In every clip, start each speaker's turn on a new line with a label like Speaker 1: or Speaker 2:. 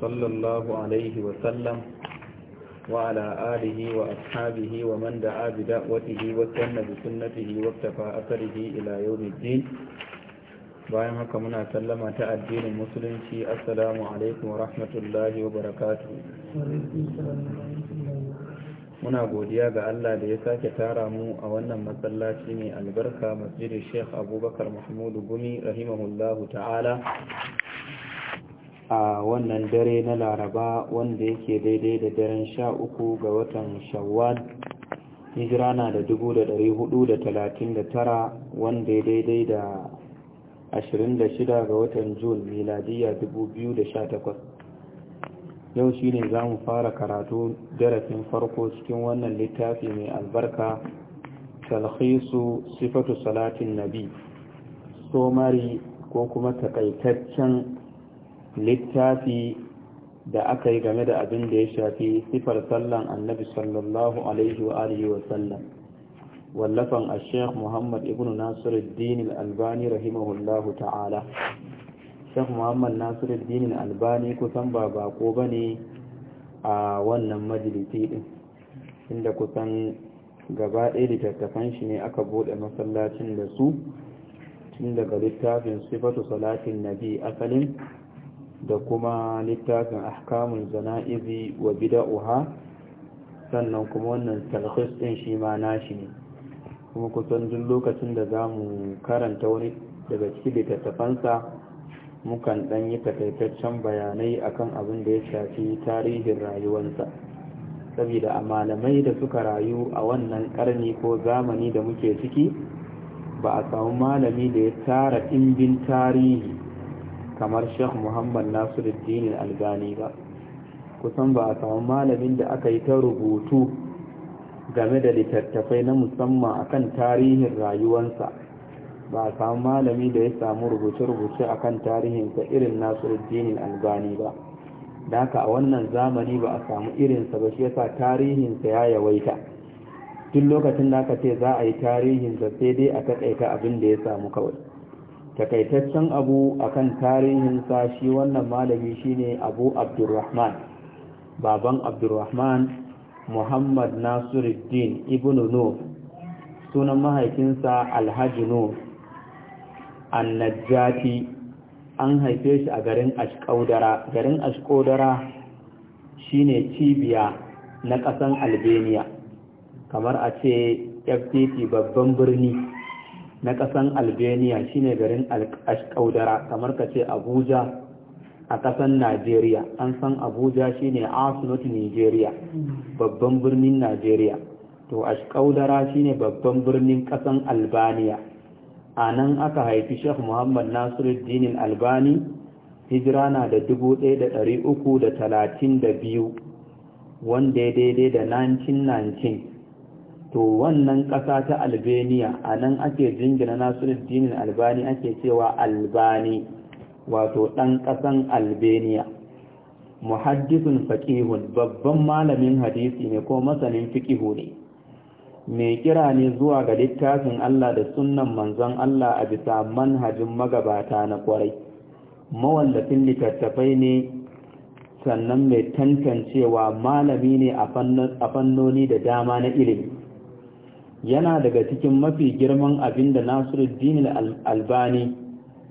Speaker 1: صلى الله عليه وسلم وعلى آله وأصحابه ومن دعا بدعوته وسن بسنته واكتفى أثره إلى يوم الدين bayan haka muna sallama ta addinin musulunci assalamu alaikum wa rahmatullahi wa barakatu muna godiya ga Allah da ya sake tara mu a wannan masallaci mai albarka masjidin sheikh abubakar mahmudu gumi rahimahullahu ta'ala a wannan dare na laraba wanda yake daidai da daren sha uku ga watan shawwal hijira na da dubu da dari hudu da talatin da tara wanda ya daidai da ashirin da shida ga watan jun miladiya dubu biyu da sha takwas yau shi ne za mu fara karatu darasin farko cikin wannan littafi mai albarka talhisu sifatu salatin nabi somari ko kuma takaitaccen littafi da aka yi game da abin da ya shafi sifar sallan annabi sallallahu alaihi wa alihi wa sallam wallafan a sheikh muhammad ibn nasiruddin al-albani rahimahullahu ta'ala sheikh muhammad nasiruddin al-albani kusan ba bako bane a wannan majalisi din inda kusan gaba ɗaya littattafan shi ne aka buɗe masallacin da su tun daga littafin sifatu salatin nabi asalin da kuma littafin ahkamun zana'izi wa bida'uha sannan kuma wannan talhis ɗin shi ma nashi ne kuma kusan duk lokacin da za mu karanta wani daga cikin littattafansa mukan ɗan yi takaitaccen bayanai akan abin da ya shafi tarihin rayuwarsa saboda a malamai da suka rayu a wannan karni ko zamani da muke ciki ba a samu malami da ya tara ɗimbin tarihi kamar sheikh muhammad nasiruddin albani ba kusan ba a samu malamin da aka yi ta rubutu game da littattafai na musamman akan tarihin rayuwarsa ba a samu malami da ya samu rubuce-rubuce akan tarihinsa irin nasiruddin albani ba da haka a wannan zamani ba a samu irinsa ba shi yasa tarihinsa ya yawaita duk lokacin da aka ce za a yi tarihin sai dai a takaita abin da ya samu kawai takaitaccen abu akan tarihin shi wannan malami shine abu abdurrahman baban abdurrahman muhammad nasiruddin ibn nur sunan mahaifinsa alhaji nur annajjati an haife shi a garin ashkaudara garin ashkaudara shine cibiya na ƙasan albania kamar a ce ftt babban birni na ƙasan albania shine garin alƙaudara kamar ka ce abuja a ƙasan najeriya an san abuja shine asunot nigeria babban birnin najeriya to ashkaudara shine babban birnin ƙasan albania a nan aka haifi shek muhammad nasiruddin albani hijira na da biyu wanda ya daidai da 1919 to wannan ƙasa ta Albeniya, a nan ake jingina nasiruddinin albani ake cewa albani wato ɗan ƙasan Albeniya. muhaddisun faƙihun babban malamin hadisi ne ko masanin fiƙihu ne mai kira ne zuwa ga littafin Allah da sunan manzon Allah a bisa manhajin magabata na ƙwarai. mawallafin littattafai ne sannan mai tantancewa malami ne a fannoni da dama na ilimi yana daga cikin mafi girman abin da nasiruddin albani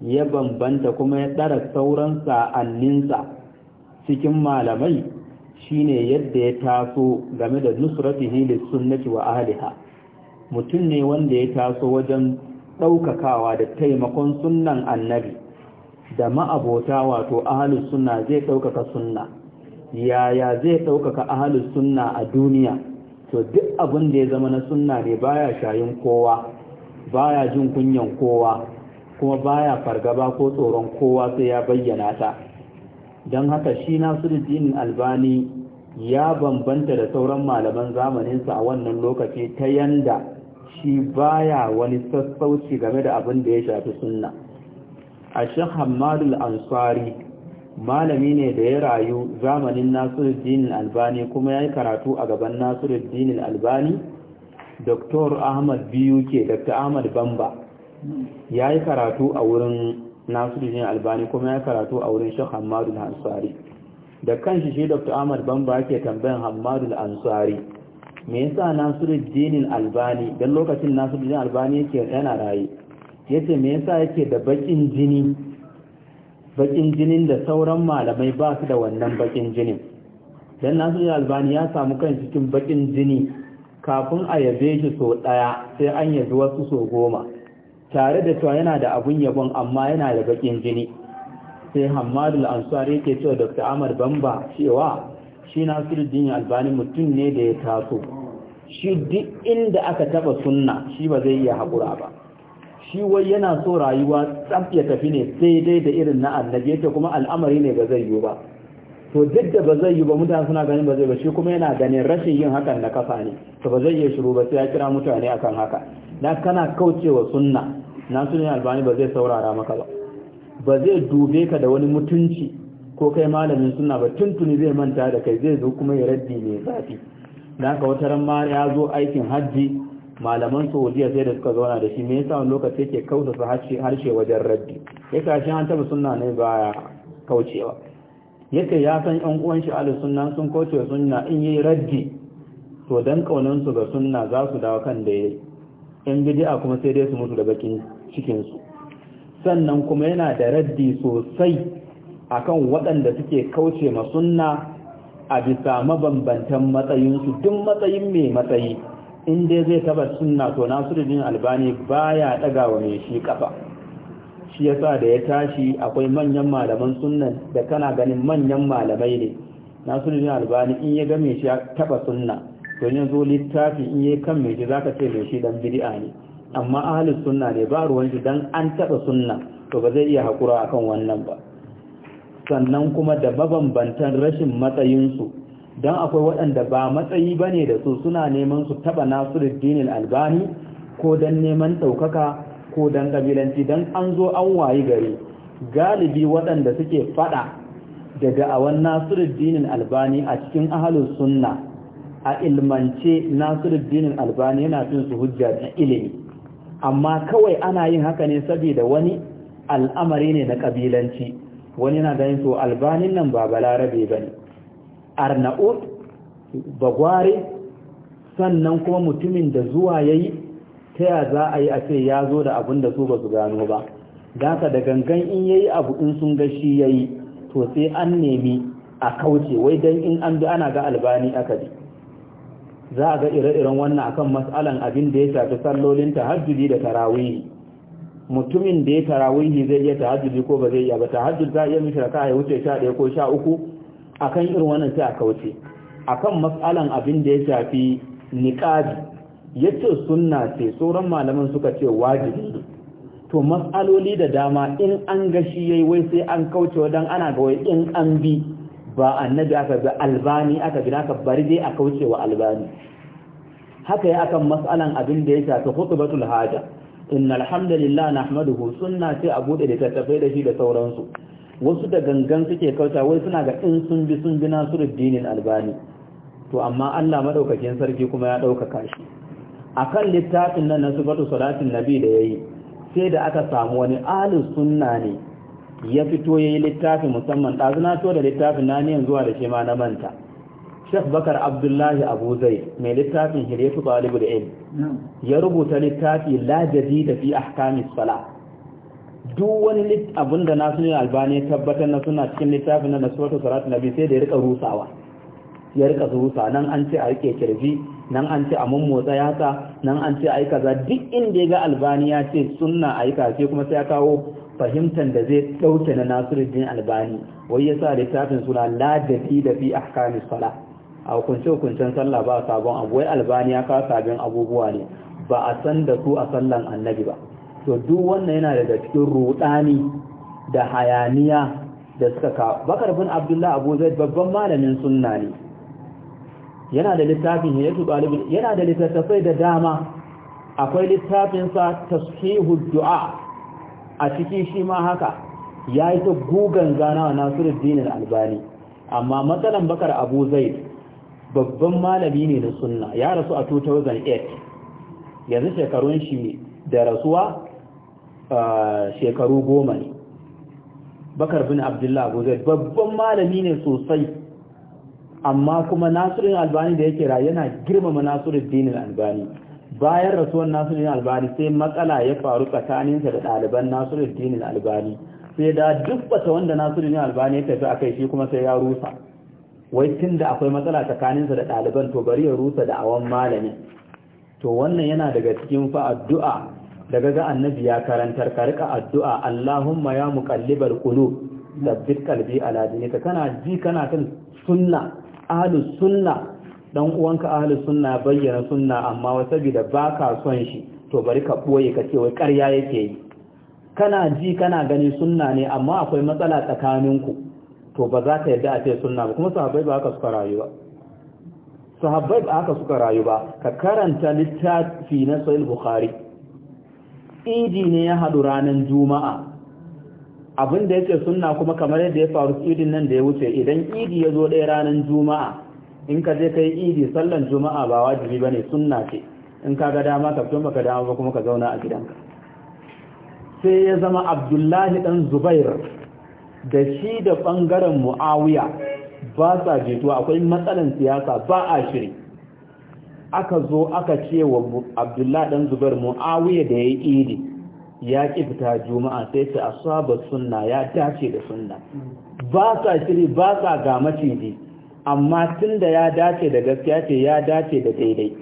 Speaker 1: ya bambanta kuma ya ɗara sauran sa'anninsa cikin malamai shine yadda ya taso game da nusratihi da sunnati wa ahliha mutum ne wanda ya taso wajen ɗaukakawa da taimakon sunnan annabi da ma'abota wato ahlus sunna zai ɗaukaka sunna yaya zai ɗaukaka ahlus sunna a duniya to duk abin da ya zama na sunna ne baya shayin kowa baya jin kunyan kowa kuma baya fargaba ko tsoron kowa sai ya bayyana ta don haka shi nasiruddin albani ya bambanta da sauran malaman zamaninsa a wannan lokaci ta yanda shi baya wani sassauci game da abin da ya shafi sunna a shi hamadul ansari malami ne da ya rayu zamanin nasiruddin albani kuma ya yi karatu a gaban nasiruddin albani dr ahmad biyu ke dr ahmad bamba ya yi karatu a wurin nasiruddin albani kuma ya karatu a wurin shan hamadul ansari da kanshi shi dr ahmad bamba ke tambayan hamadul ansari me yasa nasiruddin albani don lokacin nasiruddin albani yake yana raye yace me yasa yake da bakin jini bakin jinin da sauran malamai ba su da wannan bakin jinin dan nasu albani ya samu kan cikin bakin jini kafin a yabe shi so daya sai an yabi wasu so goma tare da cewa yana da abun yabon amma yana da bakin jini sai hamadul ansari yake cewa dr amar bamba cewa shi nasiruddin albani mutum ne da ya taso shi duk inda aka taba sunna shi ba zai iya haƙura ba shi wai yana so rayuwa tsaf ya tafi ne sai dai da irin na annabi yake kuma al'amari ne ba zai yiwu ba to duk da ba zai yiwu ba mutane suna ganin ba zai ba shi kuma yana ganin rashin yin hakan na kafa ne to ba zai iya shiru ba sai ya kira mutane akan haka dan kana kaucewa sunna na sunan albani ba zai saurara maka ba ba zai dube ka da wani mutunci ko kai malamin sunna ba tuntuni zai manta da kai zai zo kuma ya raddi mai zafi dan ka wata ran ma ya zo aikin hajji malaman saudiya sai da suka zauna da shi me yasa wani lokaci yake kautasa harshe wajen raddi ya kashi an taba sunna ne baya kaucewa ya san yan uwan shi ahli sunna sun kauce sunna in yi raddi to dan kaunan su ga sunna za su dawo kan da yayi yan bid'a kuma sai dai su mutu da bakin cikin sannan kuma yana da raddi sosai akan waɗanda suke kauce ma sunna a bisa mabambantan matsayinsu duk matsayin mai matsayi in dai zai taba sunna to nasiruddin albani baya daga wa mai shi kafa shi yasa da ya tashi akwai manyan malaman sunnan da kana ganin manyan malamai ne nasiruddin albani in ya ga mai shi taba sunna to ne zo littafi in ya kan mai shi zaka ce mai shi dan bid'a ne amma ahalin sunna ne ba ruwan shi dan an taba sunna to ba zai iya hakura akan wannan ba sannan kuma da mabambantan rashin matsayinsu don akwai waɗanda ba matsayi bane ne da su suna neman su taɓa nasiruddin albani ko don neman ɗaukaka ko don ƙabilanci don an zo an wayi gari galibi waɗanda suke faɗa daga awan nasiruddin albani a cikin ahalus sunna a ilmance nasiruddin albani yana fin su hujja ta ilimi amma kawai ana yin haka ne saboda wani al'amari ne na ƙabilanci wani na ganin to albanin nan ba balarabe ba ne arna'ud bagware sannan kuma mutumin da zuwa ya yi ta ya za a yi a ce ya zo da abin da su ba su gano ba daka da gangan in ya yi abu in sun ga shi ya yi to sai an nemi a kauce wai don in an bi ana ga albani aka bi za a ga ire-iren wannan akan matsalan abin da ya shafi sallolin tahajjudi da tarawihi mutumin da ya tarawihi zai iya tahajjudi ko ba zai iya ba tahajjud za a iya mishi raka ya wuce sha ɗaya ko sha uku akan irin wannan sai a kauce akan matsalan abin da ya shafi ya yace sunna ce sauran malaman suka ce wajibi to matsaloli da dama in an gashi yayi wai sai an kauce dan ana ga wai in an bi ba annabi aka ga albani aka bi aka bari dai a kauce wa albani haka ya akan matsalan abin da ya shafi khutbatul haja innal hamdalillah nahmaduhu sunna ce a bude da tattafai da shi da sauransu wasu da gangan suke kauta wai suna ga in sun bi sun bi nasiruddin albani to amma Allah madaukakin sarki kuma ya ɗaukaka shi akan littafin nan na sifatu salatin nabi da yayi sai da aka samu wani ahlus sunna ne ya fito yayi littafin musamman dazuna to da littafin na niyan zuwa da shi ma na manta Sheikh Bakar Abdullahi Abu Zaid mai littafin Hilyatu Talibul Ilm ya rubuta littafi la jadida fi ahkamis salat duk wani abin da na suna albani tabbatar na suna cikin littafin na nasuwatu na nabi sai da ya rika rusawa ya rika rusa nan an ce a rike kirji nan an ce a mummotsa yasa nan an ce a yi kaza duk inda ya ga albani ya ce suna a yi kace kuma sai ya kawo fahimtar da zai ɗauke na nasirin albani wai ya sa littafin suna ladabi da fi ahkamis sala a hukunce hukuncen sallah ba sabon abu wai albani ya kawo sabon abubuwa ne ba a san da su a sallan annabi ba to duk wannan yana daga cikin rudani da hayaniya da suka ka bakar bin abdullah abu zaid babban malamin sunna ne yana da littafin yi ɗalibin yana da littattafai da dama akwai littafinsa tashihu du'a a ciki shi ma haka ya yi ta gugan gana wa nasiruddin albani amma matsalan bakar abu zaid babban malami ne da sunna ya rasu a 2008 yanzu shekarun shi da rasuwa shekaru goma ne bakar bin abdullahi abuzai babban malami ne sosai amma kuma nasirin albani da yake ra yana girmama nasirin dinin albani bayan rasuwan nasirin albani sai matsala ya faru tsakaninsa da ɗaliban nasirin dinin albani sai da duk bata wanda nasirin albani ya tafi a kai shi kuma sai ya rusa wai tun da akwai matsala tsakaninsa da ɗaliban to bari ya rusa da awon malami to wannan yana daga cikin fa'addu'a. daga ga annabi ya karantar ka rika addu'a Allahumma ya muqallibal qulub sabbit qalbi ala dinika kana ji kana kan sunna ahli sunna dan uwanka ahli sunna bayyana sunna amma wa sabida baka son shi to bari ka boye ka ce wai ƙarya yake yi kana ji kana gani sunna ne amma akwai matsala tsakaninku to ba za ka yarda a ce sunna ba kuma sahabbai ba haka suka rayu ba sahabbai ba haka suka rayu ba ka karanta littafi na sahih bukhari idi ne ya haɗu ranar juma'a abin da yake sunna kuma kamar yadda ya faru idin nan da ya wuce idan idi ya zo ɗaya ranar juma'a in ka je kai idi sallan juma'a ba wajibi ba ne sunna ce in ka ga dama ka fito ka dama ba kuma ka zauna a gidanka sai ya zama abdullahi dan zubair da shi da ɓangaren mu'awiya ba sa jituwa akwai matsalan siyasa ba a shiri aka zo aka ce wa abdullahi dan zubar mu'awiya da ya yi idi ya ƙi fita juma'a sai ta asaba sunna ya dace da sunna ba sa shiri ba sa ga maciji amma tun da ya dace da gaskiya ce ya dace da daidai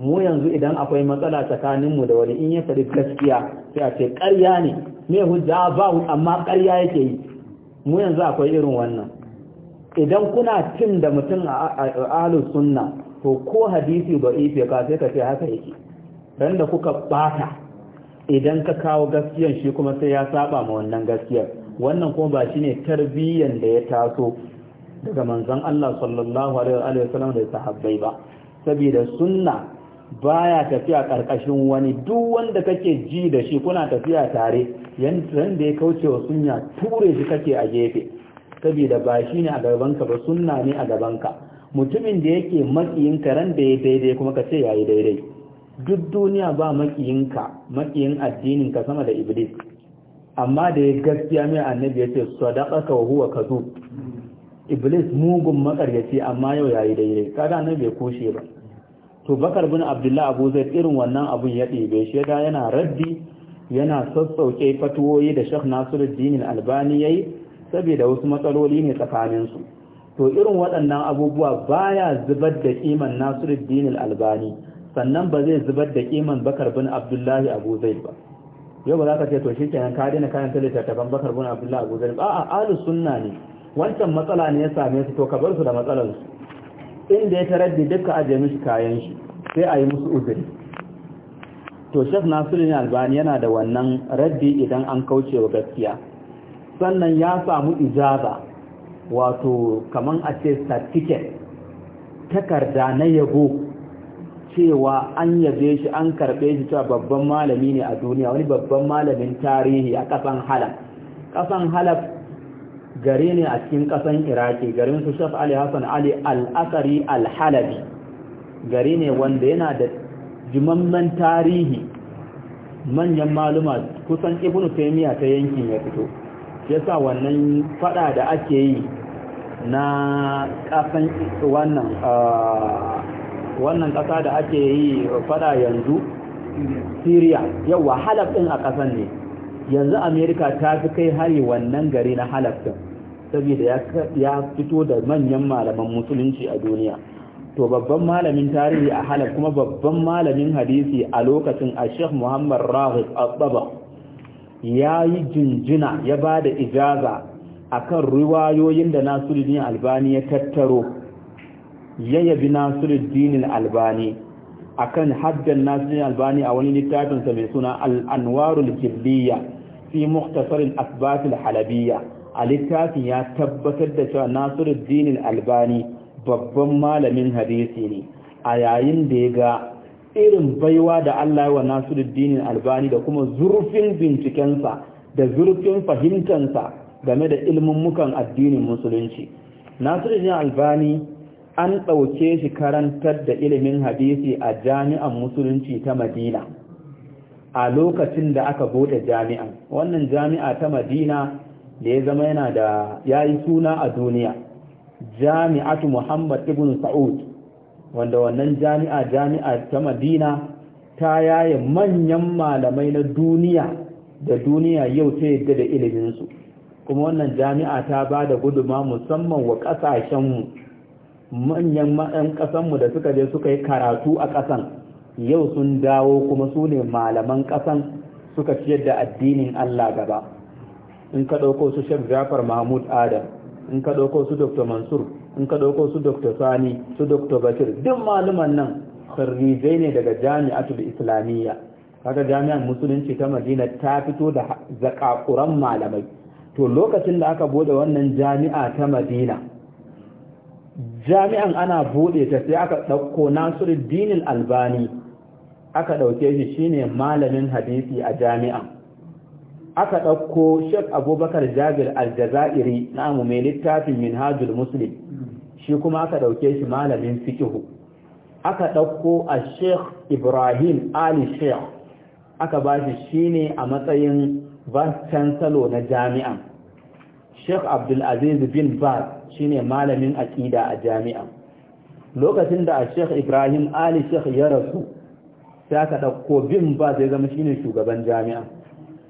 Speaker 1: mu yanzu idan akwai matsala tsakaninmu da wani in ya faɗi gaskiya sai a ce ƙarya ne mai hujja ba amma ƙarya yake yi mu yanzu akwai irin wannan idan kuna tun da mutum a ahlus sunna to ko hadisi ba ife ka sai ka ce haka yake ran da kuka bata idan ka kawo gaskiyan shi kuma sai ya saba ma wannan gaskiyar wannan kuma ba shine tarbiyyan da ya taso daga manzon Allah sallallahu alaihi wa sallam da sahabbai ba saboda sunna baya tafiya karkashin wani duk wanda kake ji da shi kuna tafiya tare yan da ya kauce wa sunna ture shi kake a gefe saboda ba shine a gaban ka ba sunna ne a gaban ka mutumin da yake makiyin ran da ya daidai kuma ka ce ya yi daidai duk duniya ba makiyinka makiyin addinin ka sama da iblis amma da ya gaskiya mai annabi ya ce sadaka wa huwa kadhub iblis mugun makaryaci amma yau ya yi daidai kaga annabi bai kushe ba to bakar bin abdullah abu zai irin wannan abun ya ɗebe shi ya yana raddi yana sassauke fatuwoyi da shekh dinin albani yayi saboda wasu matsaloli ne tsakaninsu to irin waɗannan abubuwa baya zubar da kiman Nasiruddin Albani sannan ba zai zubar da ƙiman Bakar bin Abdullahi Abu Zaid ba yau ba za ka ce to shi kenan ka daina kayan ban Bakar bin Abdullahi Abu Zaid a'a alu sunna ne wancan matsala ne ya same su to ka bar su da matsalar su inda ya taraddi duka ajiye mishi kayan shi sai a yi musu uzuri to Sheikh Nasiruddin Albani yana da wannan raddi idan an kauce wa gaskiya sannan ya samu ijaza wato kaman a ce certificate takarda na yabo cewa an yabe shi an karbe shi cewa babban malami ne a duniya wani babban malamin tarihi a kasan halab kasan halab gari ne a cikin kasan iraki garin su shaf ali hassan ali al-asari gari ne wanda yana da jimamman tarihi manyan maluma kusan ibn taymiya ta yankin ya fito yasa wannan fada da ake yi na kasan wannan ah, wannan kasa da ake yi fada yanzu syria yawa halaf din a kasan ne yanzu america ta fi kai hari wannan gari na halaf din saboda ya fito da manyan malaman musulunci a duniya to babban malamin tarihi a halaf kuma babban malamin hadisi a lokacin a sheikh muhammad rahib al ya yi jinjina ya ba da ijaza akan riwayoyin da Nasiruddin Albani ya tattaro ya yabi Nasiruddin Albani akan haddan Nasiruddin Albani a wani littafin sa mai suna Al-Anwarul Jibliya fi Mukhtasar al halabiya a littafin ya tabbatar da cewa Nasiruddin Albani babban malamin hadisi ne a yayin da ya ga irin baiwa da Allah ya wa Nasiruddin Albani da kuma zurfin bincikensa da zurfin fahimtansa game da ilmummukan addinin musulunci nasiruddin albani an ɗauke shi karantar da ilimin hadisi a jami'an musulunci ta madina a lokacin da aka bude jami'an wannan jami'a ta madina da ya zama yana da yayi suna a duniya jami'atu muhammad ibn sa'ud wanda wannan jami'a jami'a ta madina ta yaye manyan malamai na duniya da duniya yau ta yadda da iliminsu kuma wannan jami'a ta ba da guduma musamman wa kasashenmu manyan ma'an mu da suka je suka yi karatu a ƙasan yau sun dawo kuma su ne malaman ƙasan suka ciyar da addinin Allah gaba in ka ɗauko su Sheikh Jafar Mahmud Adam in ka ɗauko su Dr. Mansur in ka ɗauko su Dr. Sani su Dr. Bashir duk malaman nan kharrijai ne daga jami'atul islamiyya kaga jami'an musulunci ta Madina ta fito da zakakuran malamai to lokacin da aka bude wannan jami'a ta madina jami'an ana bude ta sai aka ɗauko dinin albani aka ɗauke shi shine malamin hadisi a jami'an aka ɗauko shek abubakar jabir aljazairi na mai littafin minhajul muslim shi kuma aka ɗauke shi malamin fikihu aka ɗauko a sheikh ibrahim ali sheikh aka ba shi shine a matsayin bas chancellor na jami'an sheikh abdulaziz bin shi shine malamin aƙida a jami'an lokacin da sheikh ibrahim ali sheikh ya rasu sai aka ɗauko bin Ba ya zama shine shugaban jami'an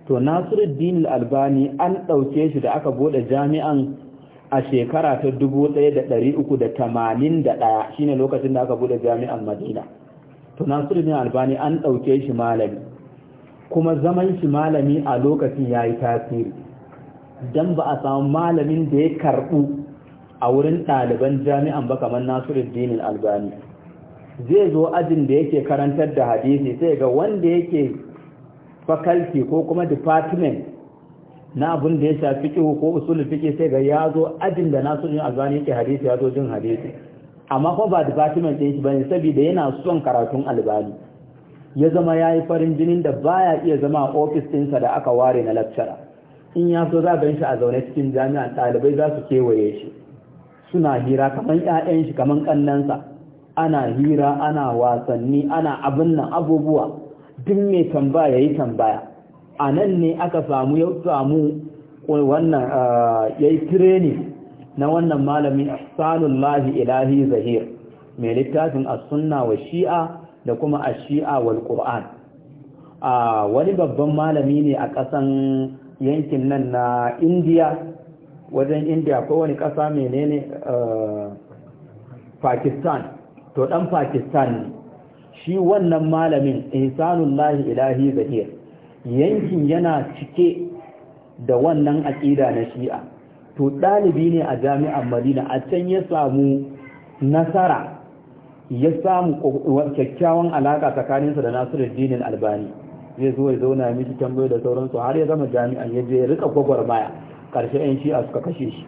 Speaker 1: to nasiruddin albani an ɗauke shi da aka bude jami'an a shekara ta 1381 shine lokacin da aka bude jami'an madina to nasiruddin albani an ɗauke shi malami kuma zaman shi malami a lokacin ya yi tasiri don ba a samu malamin da ya karɓu a wurin ɗaliban jami'an ba kamar nasiruddin albani zai zo ajin da yake karantar da hadisi sai ga wanda yake fakalti ko kuma department na abin da ya shafi kiwo ko usulun fiqh sai ga ya zo ajin da nasiruddin albani yake hadisi ya zo jin hadisi amma kuma ba department ɗin shi ne saboda yana son karatun albani ya zama ya yi farin jinin da baya iya zama a ofis ɗinsa da aka ware na lakcara in ya so za gan shi a zaune cikin jami'a ɗalibai za su kewaye shi suna hira kamar 'ya'yan shi kamar ƙannansa ana hira ana wasanni ana abin nan abubuwa duk mai tambaya yi tambaya a nan ne aka samu ya samu wannan eh, yayi tireni na wannan malamin salullahi Ilahi Zahir mai littafin as-sunna wa shi'a da kuma ashi'a wal qur'an a wani babban malami ne a ƙasan yankin nan na indiya wajen indiya ko wani ƙasa menene eh, pakistan to ɗan pakistan shi wannan malamin insanullahi ilahi zahir yankin yana cike da wannan aƙida na shi'a to ɗalibi ne a jami'an madina a can ya samu nasara ya samu kyakkyawan alaka tsakaninsa da Nasiruddin Albani zai zo ya zauna miki tambayo da sauransu har ya zama jami'an ya je ya rika gwagwarmaya karshe yan shi'a suka kashe shi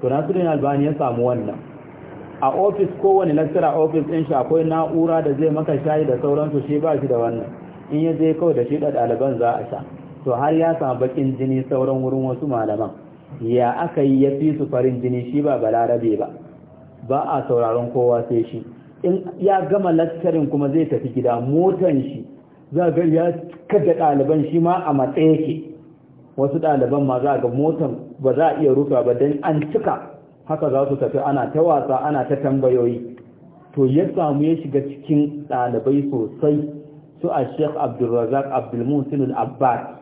Speaker 1: to Nasiruddin Albani ya samu wannan a ofis kowane lecturer ofis din shi akwai na'ura da zai maka shayi da sauransu shi ba shi da wannan in ya je kawai da shi da ɗaliban za a sha to har ya samu bakin jini sauran wurin wasu malaman ya aka yi ya fi su farin jini shi ba balarabe ba ba a sauraron kowa sai shi in ya gama lasarin kuma zai tafi gida motan shi za ga ya kada ɗaliban shi ma a matsaye yake wasu ɗaliban ma za ga motan ba za a iya rufa ba don an cika haka za su tafi ana ta wasa ana ta tambayoyi to ya samu ya shiga cikin ɗalibai sosai su a sheikh abdulrazak abdulmusinul abbas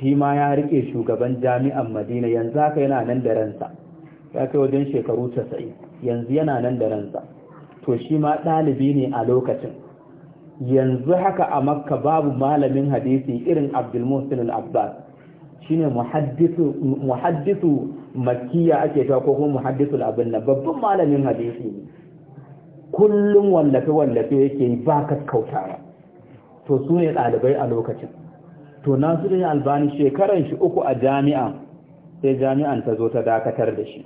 Speaker 1: shi ma ya rike shugaban jami'an madina yanzu haka yana nan da ransa ya kai wajen shekaru sa'i yanzu yana nan da ransa to shi ma ɗalibi ne a lokacin yanzu haka a makka babu malamin hadisi irin abdulmusin al-abbas ne muhaddisu makiya ake ta ko kuma muhaddisu abin na babban malamin hadisi ne kullum wallafe-wallafe yake yi ba kautawa to su ne ɗalibai a lokacin to ne albani shekaran shi uku a jami'a sai jami'an ta zo ta dakatar da shi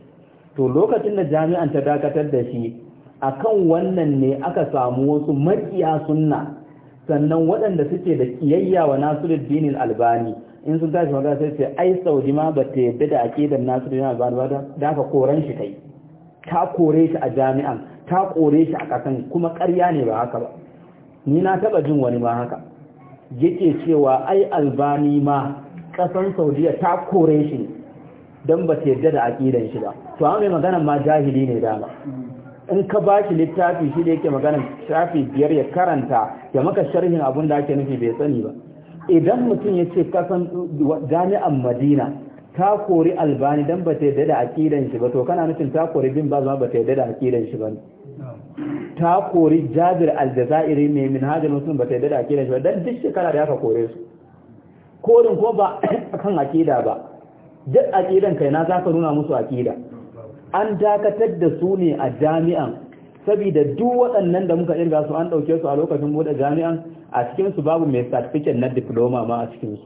Speaker 1: to lokacin da jami'an ta dakatar da shi akan wannan ne aka samu wasu makiya sunna sannan waɗanda suke da kiyayya wa Nasiruddin Albani in sun tashi magana sai ce ai Saudi ma ba ta yadda da akidar Nasiruddin Albani ba da ka koran shi kai ta kore shi a jami'an ta kore shi a kasan kuma ƙarya ne ba haka ba ni na taba jin wani ma haka yake cewa ai Albani ma kasan Saudiya ta kore shi dan ba ta yadda da akidar shi ba to amma mai magana ma jahili ne dama in ka ba shi littafi shi da yake magana shafi biyar ya karanta ya maka sharhin abun da ake nufi bai sani ba idan mutum ya ce kasan jami'an madina ta kori albani dan ba ta yadda da aƙidan shi ba to kana nufin ta kori bin ba zama ba ta yadda da aƙidan shi ba ta kori jabir aljazairi mai min hajjar musulun ba ta yadda da aƙidan shi ba dan duk shekara da ya kore su korin ko ba kan aƙida ba duk aƙidan kai na za ka nuna musu aƙida an dakatar da su ne a jami'an saboda duk waɗannan da muka irga su an ɗauke su a lokacin buɗe jami'an a cikinsu babu mai certificate na diploma ma a cikinsu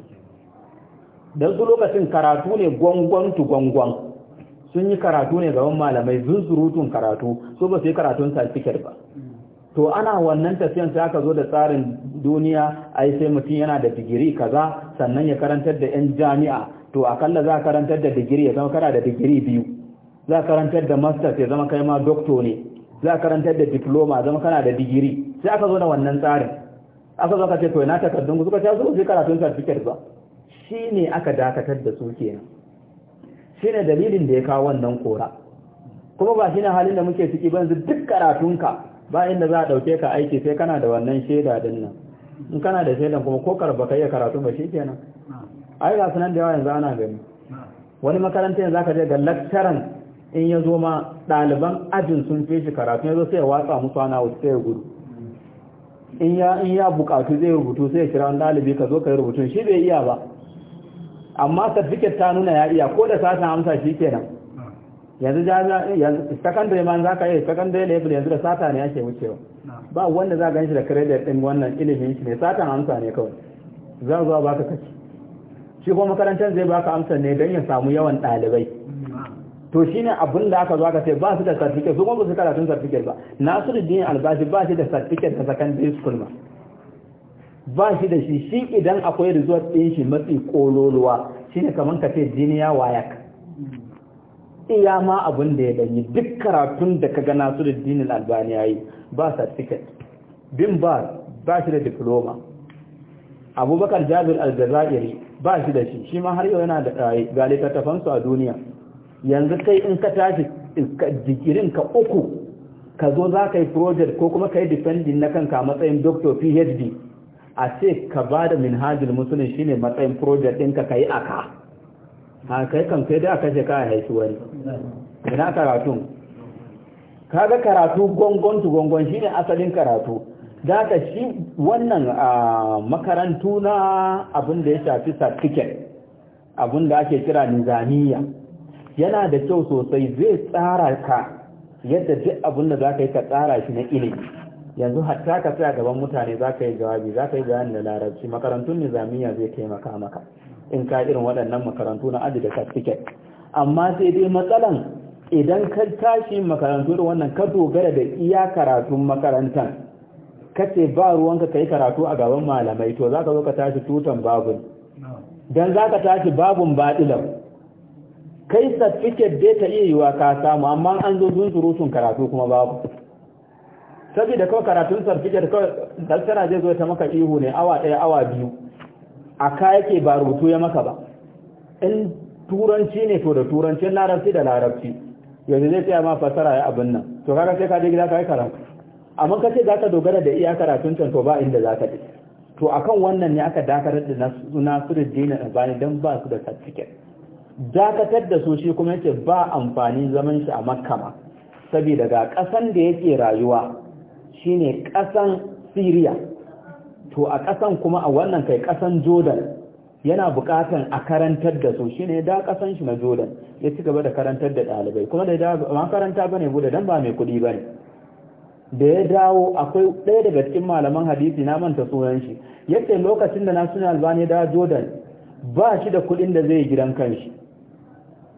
Speaker 1: don su lokacin karatu ne gwangwan tu gwangwan sun yi karatu ne gaban malamai zunzurutun karatu so ba su yi karatun certificate ba to ana wannan tafiyan sai aka zo da tsarin duniya ai sai mutum yana da digiri kaza sannan ya karantar da 'yan jami'a to akalla za a karantar da digiri ya zama kana da digiri biyu za karantar da master sai zama kai ma doctor ne za karantar da diploma zama kana da digiri sai aka zo da wannan tsarin aka zo ka ce to ina takardun ku suka ta zo sai karatun certificate ba shine aka dakatar da su kenan shine dalilin da ya kawo wannan kora kuma ba shine halin da muke ciki ba yanzu duk karatunka ba inda za a dauke ka aiki sai kana da wannan shaida din nan in kana da shaidan kuma ko karba kai ya karatu ba shikenan ai ga sunan da yawa yanzu ana gani wani makaranta yanzu zaka je ga lecturer in ya zo ma ɗaliban ajin sun fi shi karatu ya zo sai ya watsa musu ana wasu sai ya gudu in ya bukatu zai rubutu sai ya kira wani ɗalibi ka zo ka yi rubutun shi bai iya ba amma certificate ta nuna ya iya ko da sashen amsa shi kenan yanzu sakandare ma za ka yi secondary level yanzu da sata ne ake wucewa ba wanda za gan shi da credit din wannan ilimin shi ne satan amsa ne kawai za zuwa baka kaci shi kuma makarantar zai baka amsa ne don ya samu yawan ɗalibai to shine abin da aka zo ka ce ba su da certificate su kuma su karatun certificate ba nasiruddin albashi ba shi da certificate ta secondary school ma ba shi da shi shi idan akwai result din shi matsi kololuwa shine kamar ka ce jiniya wayak iya ma abin da ya danyi duk karatun da ka kaga nasiruddin albani yayi ba certificate bin ba ba shi da diploma abubakar jabir al-jazairi ba shi da shi shi ma har yau yana da ga littattafansu a duniya yanzu kai in ka tashi jikirin ka uku ka zo za ka yi project ko kuma ka yi defending na kanka matsayin doctor phd a ce ka ba da minhajul musulun ne matsayin project ɗinka ka yi aka A kai kan kai da aka ce ka haifi wani ina karatun ka ga karatu gongon tu gongon ne asalin karatu da ka shi wannan makarantu na abin da ya shafi certificate abin da ake kira nizamiya yana da kyau sosai zai tsara ka yadda duk abin da za ka yi ka tsara shi na ilimi yanzu hatta ka tsaya gaban mutane za ka yi jawabi za ka yi bayani da larabci makarantun nizamiya zai taimaka maka in ka irin waɗannan makarantu na aji da certificate amma sai dai matsalan idan ka tashi makarantu da wannan ka dogara da iya karatun makarantar ka ce ba ruwanka ka yi karatu a gaban malamai to za ka zo ka tashi tutan babun don za ka tashi babun baɗilan kai certificate dai ta iya yiwa ka samu amma an zo sun karatu kuma babu saboda kawai karatun certificate kawai daltara zai zo ta maka ihu ne awa ɗaya awa biyu a ka yake ba rubutu ya maka ba in turanci ne to da turanci larabci da larabci yanzu zai tsaya ma fasara ya abin nan to kaga sai ka je gida ka yi karatu amma ka ce za ka dogara da iya karatun can to ba inda za ka je to akan wannan ne aka dakarar da na suna su da dina bani don ba su da certificate dakatar da su shi kuma yake ba amfani zaman shi a makka saboda ga ƙasan da yake rayuwa shine ƙasan siriya to a ƙasan kuma a wannan kai ƙasan jordan yana buƙatar a karantar da su shine da ƙasan shi na jordan ya ci gaba da karantar da ɗalibai kuma da ya makaranta ba ne bude don ba mai kuɗi ba ne da ya dawo akwai ɗaya daga cikin malaman hadisi na manta sunan shi yace lokacin da national albani da jordan ba shi da kuɗin da zai gidan kanshi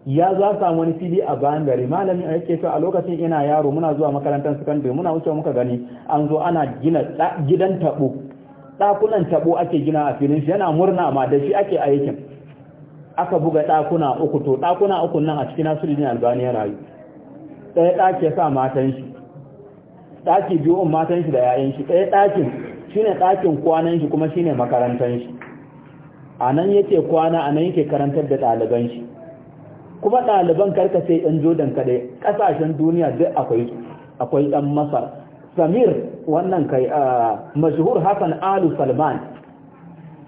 Speaker 1: ya a samu wani fili a bayan gari malamin a yake a lokacin ina yaro muna zuwa makarantar sakandare muna wuce muka gani an zo ana gina gidan tabo ɗakunan tabo ake gina a filin shi yana murna ma da shi ake aikin aka buga ɗakuna uku to ɗakuna uku nan a cikin ne albani ya rayu ɗaya ɗaki ya sa matan shi ɗaki biyu in matan shi da yayan shi ɗaya ɗakin shine ɗakin kwanan shi kuma shine makarantar shi a nan yake kwana a nan yake karantar da ɗaliban shi kuma ɗaliban karka sai ɗan jordan kaɗai ƙasashen duniya duk akwai akwai ɗan masar samir wannan kai a mashihur hassan alu salman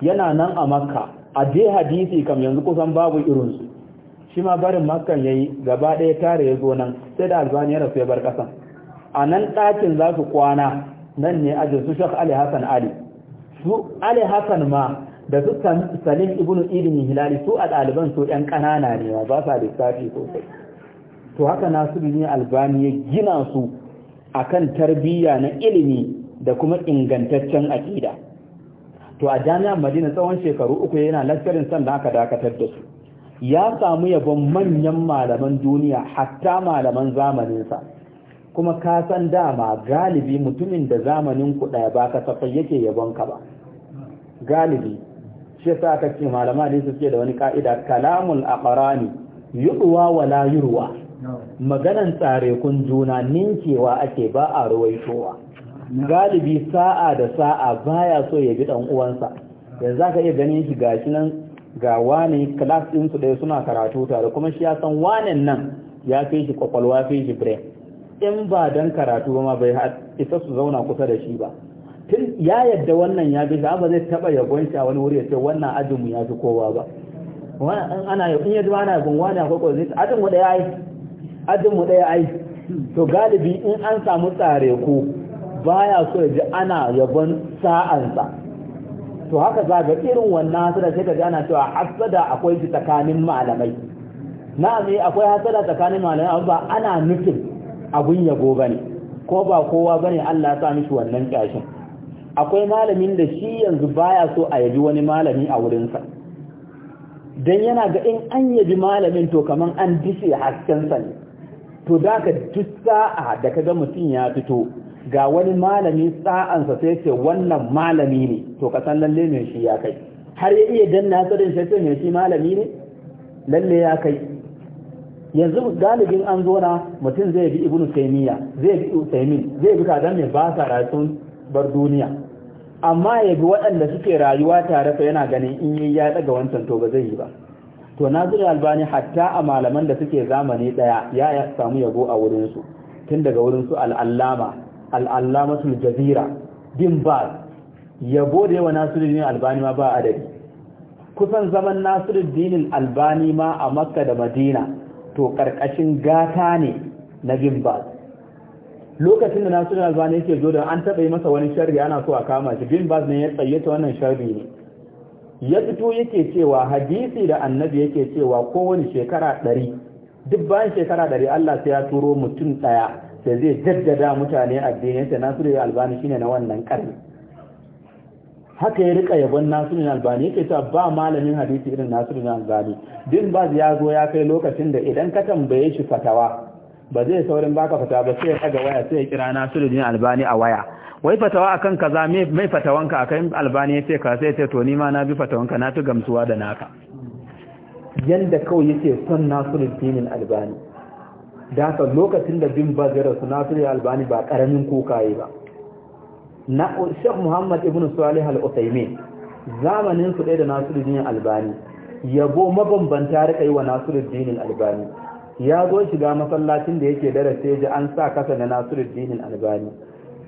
Speaker 1: yana nan a makka a je hadisi kam yanzu kusan babu irinsu shi ma barin makkan ya yi gaba ɗaya tare ya zo nan sai da albani ya rasu ya bar ƙasan a nan ɗakin za su kwana nan ne a su shak ali hassan ali su ali hassan ma da su salim ibn ibn hilali su a ɗaliban su ɗan ƙanana ne ma ba sa lissafi sosai to haka nasiru ne albani ya gina su a kan tarbiyya na ilimi da kuma ingantaccen aƙida to a jami'ar madina tsawon shekaru uku yana san da aka dakatar da su ya samu yabon manyan malaman duniya hatta malaman zamaninsa kuma ka san dama galibi mutumin da zamanin ku ɗaya ba kasafai yake yabon ka ba galibi shi sa aka ce malama ne suke da wani ka'ida kalamul aqrani yuduwa wala yurwa maganan tsare kun juna ninkewa ake ba a ruwaitowa galibi sa'a da sa'a baya so ya bi dan uwansa yanzu aka iya ganin shi gashi nan ga wani class din su dai suna karatu tare kuma shi ya san wanen nan ya kai shi kwakwalwa fi shi brain in ba dan karatu ba ma bai isa su zauna kusa da shi ba tun ya yadda wannan ya bi ba zai taba yabon shi a wani wuri ya ce wannan ajinmu ya fi kowa ba wannan ana yi in ya zama ana yabon ne akwai kwazo zai ajin mu daya ai ajin mu daya ai to galibi in an samu tsare ko baya so ya ji ana yabon sa'ansa to haka za ga irin wannan hasada sai ka ji ana cewa hasada akwai shi tsakanin malamai na'am eh akwai hasada tsakanin malamai amma ba ana nufin abun yabo bane ko ba kowa bane Allah ya sa mishi wannan kyashin akwai malamin da shi yanzu baya so a yabi wani malami a wurin wurinsa don yana ga in an yabi malamin to kaman an dishe haskensa ne to da ka duk sa'a da ka ga mutum ya fito ga wani malami sa'ansa sai ce wannan malami ne to ka san lalle mai shi ya kai har ya iya danna tsarin sai ce mai shi malami ne lalle ya kai yanzu galibin an zo na mutum zai bi ibnu taymiya zai bi usaymin zai bi kadan mai ba sa bar duniya amma ya bi waɗanda suke rayuwa tare fa yana ganin in yi ya daga wancan to ba zai yi ba to nazir albani hatta a malaman da suke zamani ɗaya ya samu yabo a wurinsu tun daga wurinsu al'allama al'allamatul jazira din ba yabo da yawa nasiruddin albani ma ba adadi kusan zaman nasiruddin albani ma a makka da madina to ƙarƙashin gata ne na bin ba lokacin da Nasiru Albani yake Jordan an taɓa yi masa wani sharri ana so a kama shi bin Baz ne ya tsayyata wannan sharri ne ya fito yake cewa hadisi da annabi yake cewa kowane shekara ɗari duk bayan shekara ɗari Allah sai ya turo mutum ɗaya da zai jaddada mutane addinin ta Nasiru Albani shine na wannan ƙarni haka ya rika yabon Nasiru Albani yake cewa ba malamin hadisi irin Nasiru Albani bin bas ya zo ya kai lokacin da idan ka tambaye shi fatawa ba zai saurin baka fata ba sai ya daga waya sai ya kira Nasiruddin Albani a waya wai fatawa akan kaza mai fatawanka akan Albani yace ka sai ce to ni ma na bi fatawanka na fi gamsuwa da naka yanda kawai yake son Nasiruddin Albani da ka lokacin da bin bazara su Nasiruddin Albani ba karamin yi ba na Sheikh Muhammad Ibn Salih Al-Uthaymeen zamanin su da Nasiruddin Albani yabo mabambanta rika yi wa Nasiruddin Albani ya zo shiga masallacin da yake darasi ji an sa kasa da Nasiruddin Albani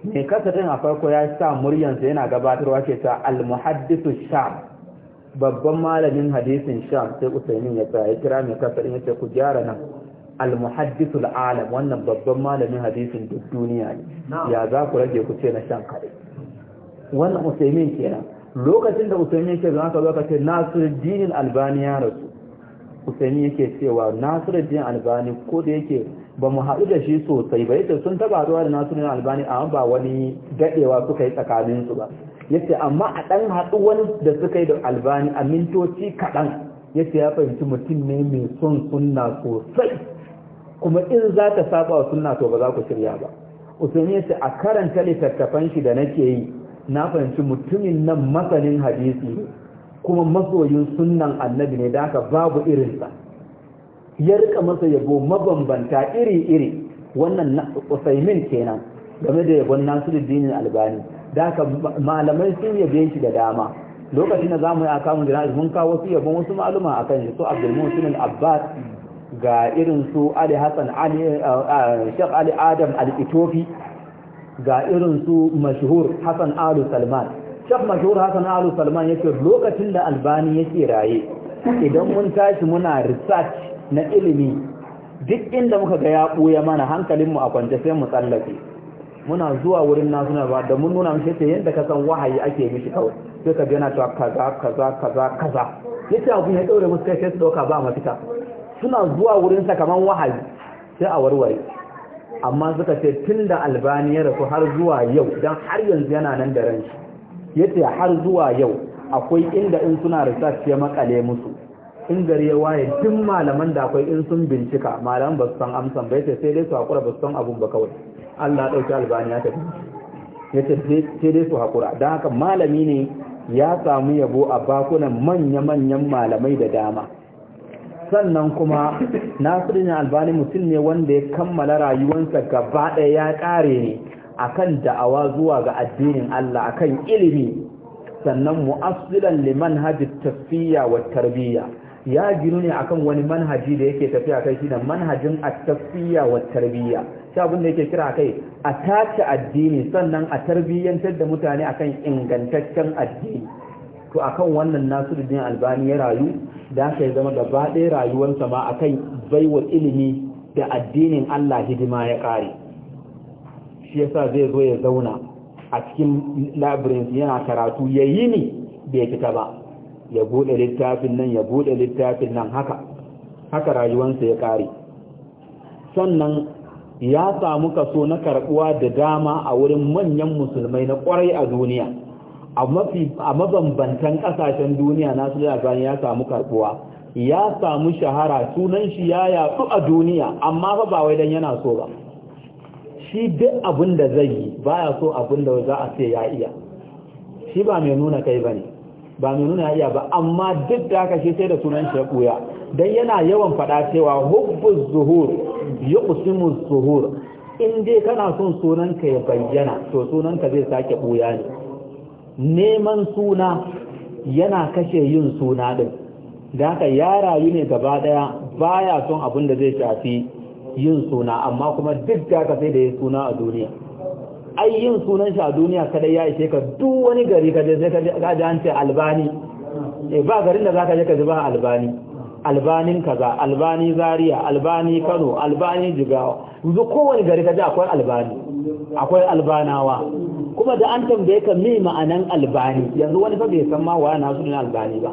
Speaker 1: Mai kasa din a farko ya sa muryansa yana gabatarwa ke ta al-muhaddithu sham babban malamin hadisin sham sai Usaimin ya tsaya kira mai kasa din ce ku gyara nan al-muhaddithu al-alam wannan babban malamin hadisin duk duniya ne ya za ku rage ku ce na sham kaɗai? wannan Usaimin kenan lokacin da Usaimin ke zama ka zo ka ce Nasiruddin Albani ya rasu usaimi yake cewa nasiruddin albani ko da yake ba mu haɗu da shi sosai ba yadda sun taba haɗuwa da nasiruddin albani amma ba wani daɗewa suka yi tsakaninsu ba yace amma a ɗan haɗu wani da suka yi da albani a mintoci kaɗan yace ya fahimci mutum ne mai son sunna sosai kuma in za ta saba wa sunna to ba za ku shirya ba Usain yace a karanta littattafan shi da nake yi na fahimci mutumin nan masanin hadisi kuma masoyin sunnan annabi ne da haka babu irinsa ya rika masa yabo mabambanta iri-iri wannan usaimin kenan game da yabon nasiruddinin albani da haka malamai sun yabe shi da dama lokacin da zamu yi akamun jana'iz mun kawo wasu yabon wasu maluma akan shi su abdulmuhsin al-abbas ga irin su ali hassan ali eh, shek ali adam al-itofi ga irin su mashhur hassan alu salman shaf mashur na alu salman yake lokacin da albani yake raye idan mun tashi muna research na ilimi duk inda muka ga ya buya mana hankalinmu a kwance sai mu tsallake muna zuwa wurin nasu na ba da mun nuna mishi ce yadda ka san wahayi ake mishi kawai sai ka gana cewa kaza kaza kaza kaza yace abu ya daure musu kai sai su dauka ba mafita suna zuwa wurin sa kaman wahayi sai a warware amma suka ce da albani ya rasu har zuwa yau dan har yanzu yana nan da ranshi yace har zuwa yau akwai inda in suna research ya makale musu in gari ya waye duk malaman da akwai in sun bincika malaman ba su san amsan ba yace sai dai su hakura ba su san abun ba kawai Allah dauki albani ya tafi yace sai dai su hakura dan haka malami ne ya samu yabo a bakunan manya-manyan malamai da dama sannan kuma nasirin albani mutum ne wanda ya kammala rayuwarsa gaba ɗaya ya ƙare ne akan da'awa zuwa ga addinin Allah akan ilimi sannan mu'assilan liman hajji tafiya wa tarbiyya ya ginu ne akan wani manhaji da yake tafiya kai shi da manhajin at-tafiya wa tarbiyya shi abin da yake kira kai a tace addini sannan a tarbiyyantar da mutane akan ingantaccen addini to akan wannan Nasiruddin Albani ya rayu da aka zama gaba ɗaya rayuwarsa ma akan baiwa ilimi da addinin Allah hidima ya ƙare shi yasa zai zo ya zauna a cikin labirin yana karatu ya yi ni bai fita ba ya bude littafin nan ya bude littafin nan haka haka rayuwansa ya kare sannan ya samu kaso na karbuwa da dama a wurin manyan musulmai na kwarai a duniya a mafi a mabambantan kasashen duniya na su da ya samu karbuwa ya samu shahara sunan shi ya yatsu a duniya amma fa ba wai dan yana so ba shi duk abin da zai yi baya so abin da za a ce ya iya shi ba mai nuna kai bane ba mai nuna ya iya ba amma duk da ka shi sai da sunan shi ya buya dan yana yawan fada cewa hubbuz zuhur yuqsimu zuhur in dai kana son sunan ka ya bayyana to sunan ka zai sake buya ne neman suna yana kashe yin suna din da haka ya rayu ne gaba daya baya son abin da zai shafi yin suna amma kuma duk da ka sai da yin suna a duniya ai yin sunan shi a duniya kadai ya ishe ka duk wani gari ka je ka ga ce albani eh ba garin da zaka je ka ji ba albani albanin kaza albani zaria albani kano albani jigawa yanzu kowane gari ka ji akwai albani akwai albanawa kuma da an tambaye ka me ma'anan albani yanzu wani fa bai san ma waya na sunan albani ba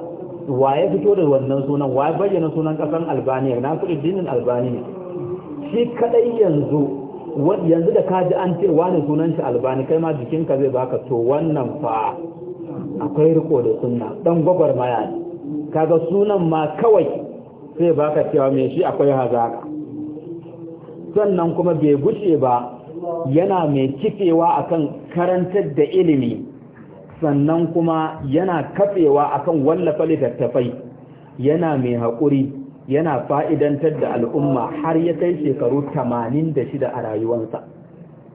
Speaker 1: waye fito da wannan sunan waye bayyana sunan kasan albani na sunan dinin albani shi kadai yanzu yanzu da kaji an ce wani sunan shi albani kai ma jikinka zai baka to wannan fa akwai riko da sunna dan gwagwarmaya ne kaga sunan ma kawai sai baka cewa me shi akwai hazaka sannan kuma bai guce ba yana mai kifewa akan karantar da ilimi sannan kuma yana kafewa akan wallafa littattafai yana mai haƙuri yana fa'idantar da al'umma har ya kai shekaru tamanin da shida a rayuwansa.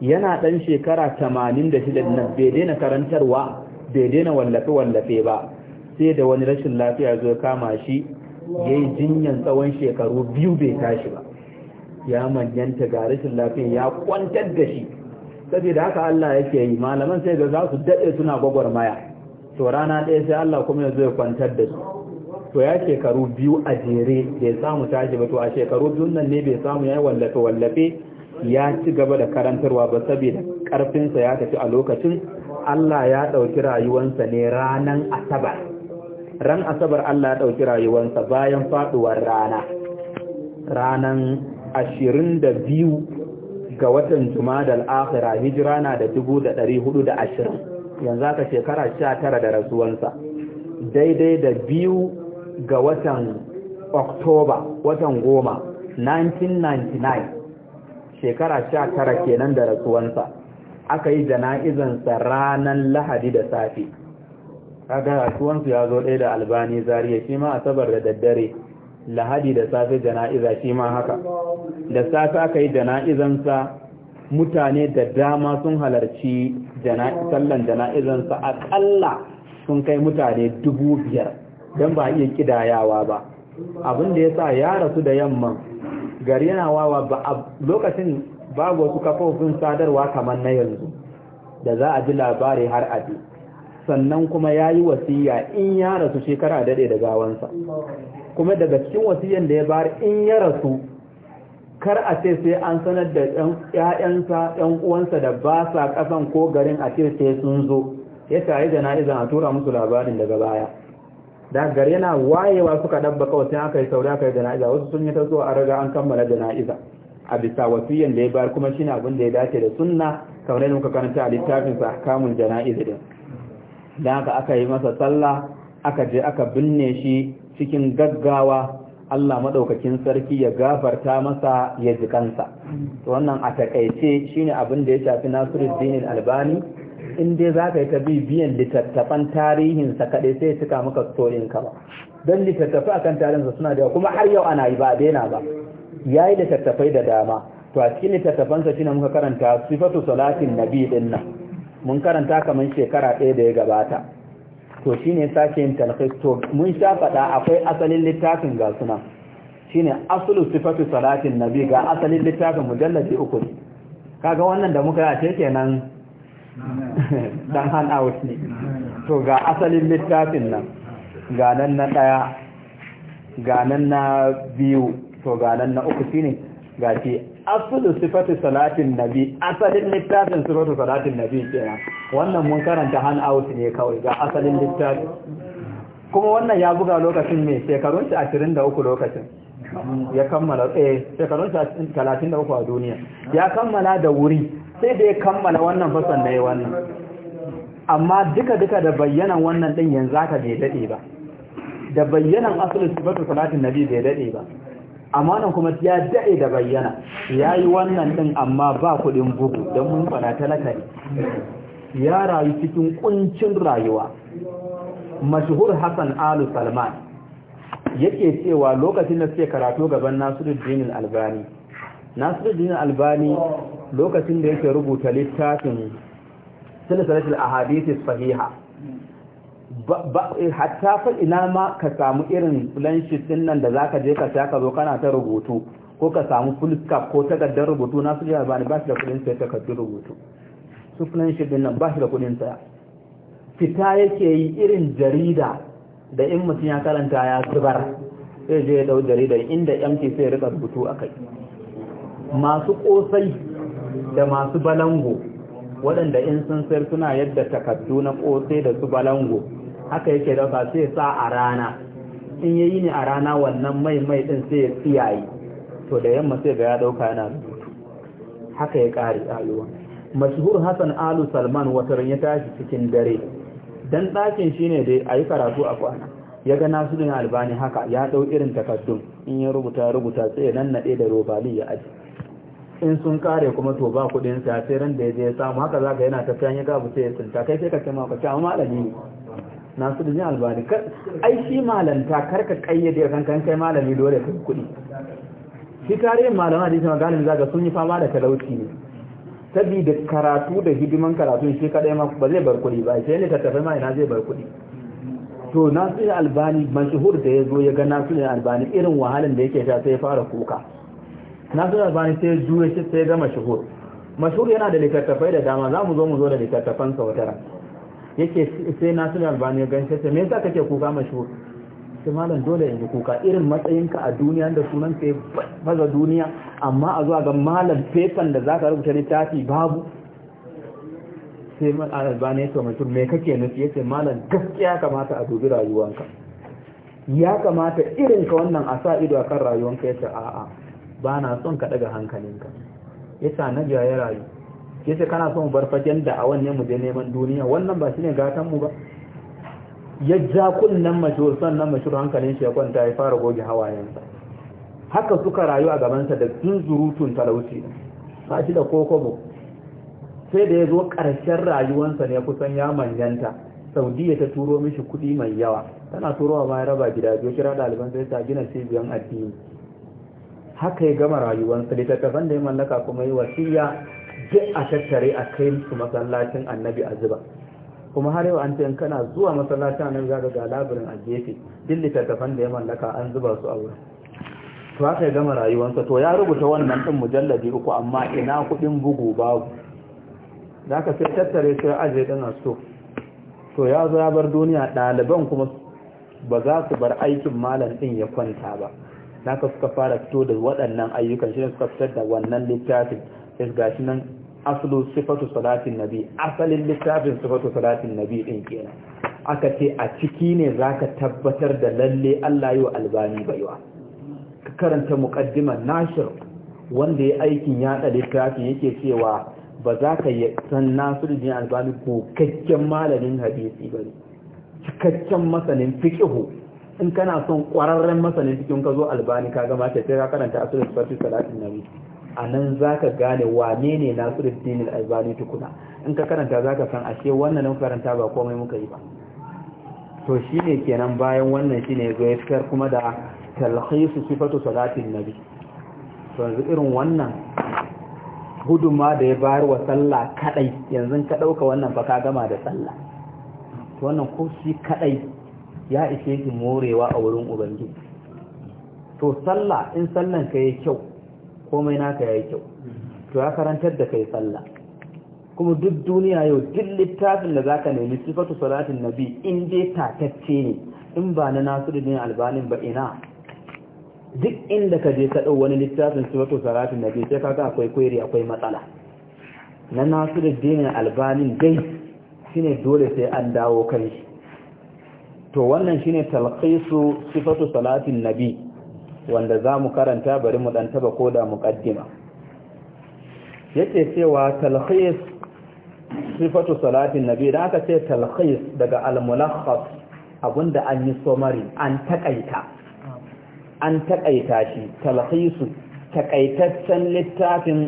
Speaker 1: yana ɗan shekara tamanin 86 nan bai daina karantarwa bai daina wallafe-wallafe ba sai da wani rashin lafiya zo kama shi ya yi jinyan tsawon shekaru biyu bai tashi ba ya manyanta ga rashin lafiya ya kwantar da shi saboda haka Allah yake yi malaman sai ga za su daɗe suna gwagwarmaya to rana ɗaya sai Allah kuma ya zo ya kwantar da su to ya shekaru biyu a jere bai samu tashi ba to a shekaru biyun nan ne bai samu ya yi wallafe wallafe ya ci gaba da karantarwa ba saboda karfinsa ya tafi a lokacin Allah ya ɗauki rayuwansa ne ranan asabar ran asabar Allah ya ɗauki rayuwansa bayan faɗuwar rana ranan ashirin da biyu ga watan jumadal akhira hijira na da dubu da ɗari hudu da ashirin yanzu aka shekara sha tara da rasuwansa daidai da biyu ga watan oktoba watan goma 1999 shekara sha tara kenan da rasuwansa aka yi jana'izansa ranar lahadi da safe kaga rasuwansu ya zo ɗaya da albani zariya shi ma asabar da daddare lahadi da safe jana'iza shi ma haka da safe aka yi jana'izansa mutane da dama sun halarci sallan jana'izansa aƙalla sun kai mutane dubu biyar don ba iya kidayawa ba abin da ya sa ya rasu da yamma gari yana wawa ba a lokacin babu wasu kafofin sadarwa kamar na yanzu da za a ji labari har abi sannan kuma ya yi wasiya in ya rasu shekara daɗe da gawansa kuma daga cikin wasiyan da ya bari in ya rasu kar a ce sai an sanar da ‘ya'yansa ‘yan uwansa da ba sa ƙasan ko garin a ce sai sun zo ya tare da na'izan a tura musu labarin daga baya da gari yana wayewa suka dabba kawai sai aka yi sauri aka yi jana'iza wasu sun yi ta zuwa a riga an kammala jana'iza a bisa wasiyan da ya bayar kuma shine abin da ya dace da sunna kamar yadda muka karanta a littafin sa kamun jana'iza din da haka aka yi masa sallah aka je aka binne shi cikin gaggawa Allah madaukakin sarki ya gafarta masa ya jikansa to wannan a takaice shine abin da ya shafi Nasiruddin Albani in dai za ka yi ta bibiyan littattafan tarihinsa kaɗai sai cika maka storinka ba don littattafai akan tarihinsa suna da kuma har yau ana yi ba daina ba ya yi littattafai da dama to a cikin littattafansa shi ne muka karanta sifatu salatin nabi din nan mun karanta kamar shekara ɗaya da ya gabata to shi ne sake yin talhis to mun sha faɗa akwai asalin littafin ga suna shi ne sifatu salatin nabi ga asalin littafin mujallaci uku kaga wannan da muka yi yace kenan dan hand out ne to ga asalin littafin nan ga nan na ɗaya ga nan na biyu to ga nan na uku shi ne, ga ce asalin sifatu salatin nabi asalin littafin sifatu salatin nabi kenan wannan mun karanta hand out ne kawai ga asalin littafin kuma wannan ya buga lokacin mai shekarun shi ashirin da uku lokacin ya kammala eh shekarun shi da uku a duniya ya kammala da wuri sai da ya kammala wannan fasan da ya wannan amma duka-duka da bayyanan wannan ɗin yanzu haka bai daɗe ba da bayyanan asalin sifatu salatin nabi bai daɗe ba amma nan kuma ya daɗe da bayyana ya yi wannan ɗin amma ba kuɗin bugu don mun fara talaka ne ya rayu cikin ƙuncin rayuwa mashhur hassan alu salman yake cewa lokacin da suke karatu gaban nasiruddin albani nasiruddin albani lokacin da yake rubuta littafin silsilatul ahadithis sahiha eh, hatta fa ina ma ka samu irin planshit din nan da zaka je ka ka zo kana ta rubutu ko ka samu full cap ko gaddar rubutu na su ji albani ba shi da kudin sai kaddu rubutu su planshit din nan ba shi da kudin saya fita yake yi irin jarida da in mutum ya karanta ya zubar sai je ya dau jarida inda MT sai rika rubutu akai masu kosai da masu balango waɗanda in sun sayar suna yadda takardu na ƙosai da su balango haka yake dauka sai sa a rana in ya yi ne a rana wannan mai mai ɗin sai ya tsiyayi to da yamma sai ga ya ɗauka yana rubutu haka ya ƙare aluwa mashhur hassan alu salman watarin ya tashi cikin dare dan ɗakin shine dai a yi karatu a kwana ya ga nasu albani haka ya ɗau irin takardun in ya rubuta rubuta sai ya nannaɗe da robali ya aji in sun kare kuma to ba kudin sa sai ran da ya je ya samu haka zaka yana tafiya ya gabu sai ya tsinta kai sai ka ce ma ka ta malami ne na da jin albani ai shi malanta karka kayyade kan kan kai malami dole kai kudi shi kare malama da ita maganin zaka sun yi fama da talauci ne saboda karatu da hidiman karatu shi kadai ma ba zai bar kudi ba sai ne tafi ma ina zai bar kudi to nasu da albani mashhur da ya zo ya ga nasu da albani irin wahalan da yake sha sai ya fara kuka nasu albani sai juya shi sai gama shuhur mashuhur yana da likattafai da dama za mu zo mu zo da likattafan sa wata yake sai nasu albani ya ganshi sai me yasa kake kuka mashuhur sai malam dole in ji kuka irin matsayinka a duniya da sunan sai baza duniya amma a zuwa ga malam fefan da zaka rubuta littafi babu sai man albani ya ce mutum me kake nufi yace malam gaskiya kamata a dubi rayuwanka ya kamata irin ka wannan a sa ido akan rayuwanka yace a'a ba na son ka daga hankalinka na jaya rayu sa kana son bar fagen da a wanne mu je neman duniya wannan ba ne gatan mu ba ya ja kullum kunnan mashhur nan mashhur hankalin shi ya kwanta ya fara goge hawayensa haka suka rayu a gabansa da zurutun talauci ba shi da kokobo sai da ya zo ƙarshen rayuwansa ne kusan ya manyanta saudiya ta turo mishi kuɗi mai yawa tana turowa ma ya raba gida biyu kira ɗaliban sai ta gina cibiyan addini haka ya gama rayuwarsa littattafan da ya mallaka kuma yi wasiya duk a tattare a kai su masallacin annabi a zuba kuma har yau an ce kana zuwa masallacin annabi za ga labirin a gefe duk littattafan da ya mallaka an zuba su a wurin to haka ya gama rayuwarsa to ya rubuta wannan ɗin mujalladi uku amma ina kuɗin bugu babu da aka sai tattare sai aje ɗin a so to ya zo ya bar duniya ɗaliban kuma ba za su bar aikin malam ɗin ya kwanta ba naka suka fara fito da waɗannan ayyukan shi ne suka fitar da wannan littafin sai gashi nan aslu sifatu salatin nabi asalin littafin sifatu salatin nabi ɗin kenan aka ce a ciki ne zaka tabbatar da lalle Allah yau albani baiwa ka karanta muqaddiman nashir wanda ya aikin yaɗa littafin yake cewa ba za ka yi san nasiruddin albani ko kakken malamin hadisi ba ne cikakken masanin fiƙihu in kana son ƙwararren masanin cikin ka zo albani ka gama ta ka karanta asirin sarfi salatin nabi a nan za ka gane wane ne dinin albani tukuna in ka karanta za ka san ashe wannan nan karanta ba komai muka yi ba to shi ne kenan bayan wannan shi ne zai fitar kuma da talhisu sifatu salatin nabi to yanzu irin wannan guduma da ya bayar wa sallah kadai yanzu ka dauka wannan fa ka gama da sallah to wannan ko shi kadai ya ishe ki morewa a wurin ubangiji to sallah in sallan ka yi kyau komai naka yayi kyau to ya karantar da kai sallah kuma duk duniya yau duk littafin da zaka nemi sifatu salatin nabi in dai tatacce ne in ba na nasiruddin albanin ba ina duk inda ka je ka dau wani littafin sifatu salatin nabi sai kaga akwai kwere akwai matsala na nasiruddin albanin dai shine dole sai an dawo kai to wannan shine talqisu sifatu salatin nabi wanda zamu karanta bari mu dan taba koda muqaddima Yace cewa talqis sifatu salatin nabi da aka ce talqis daga al-mulakhas abunda an yi somari an takaita an takaita shi talqisu takaitaccen littafin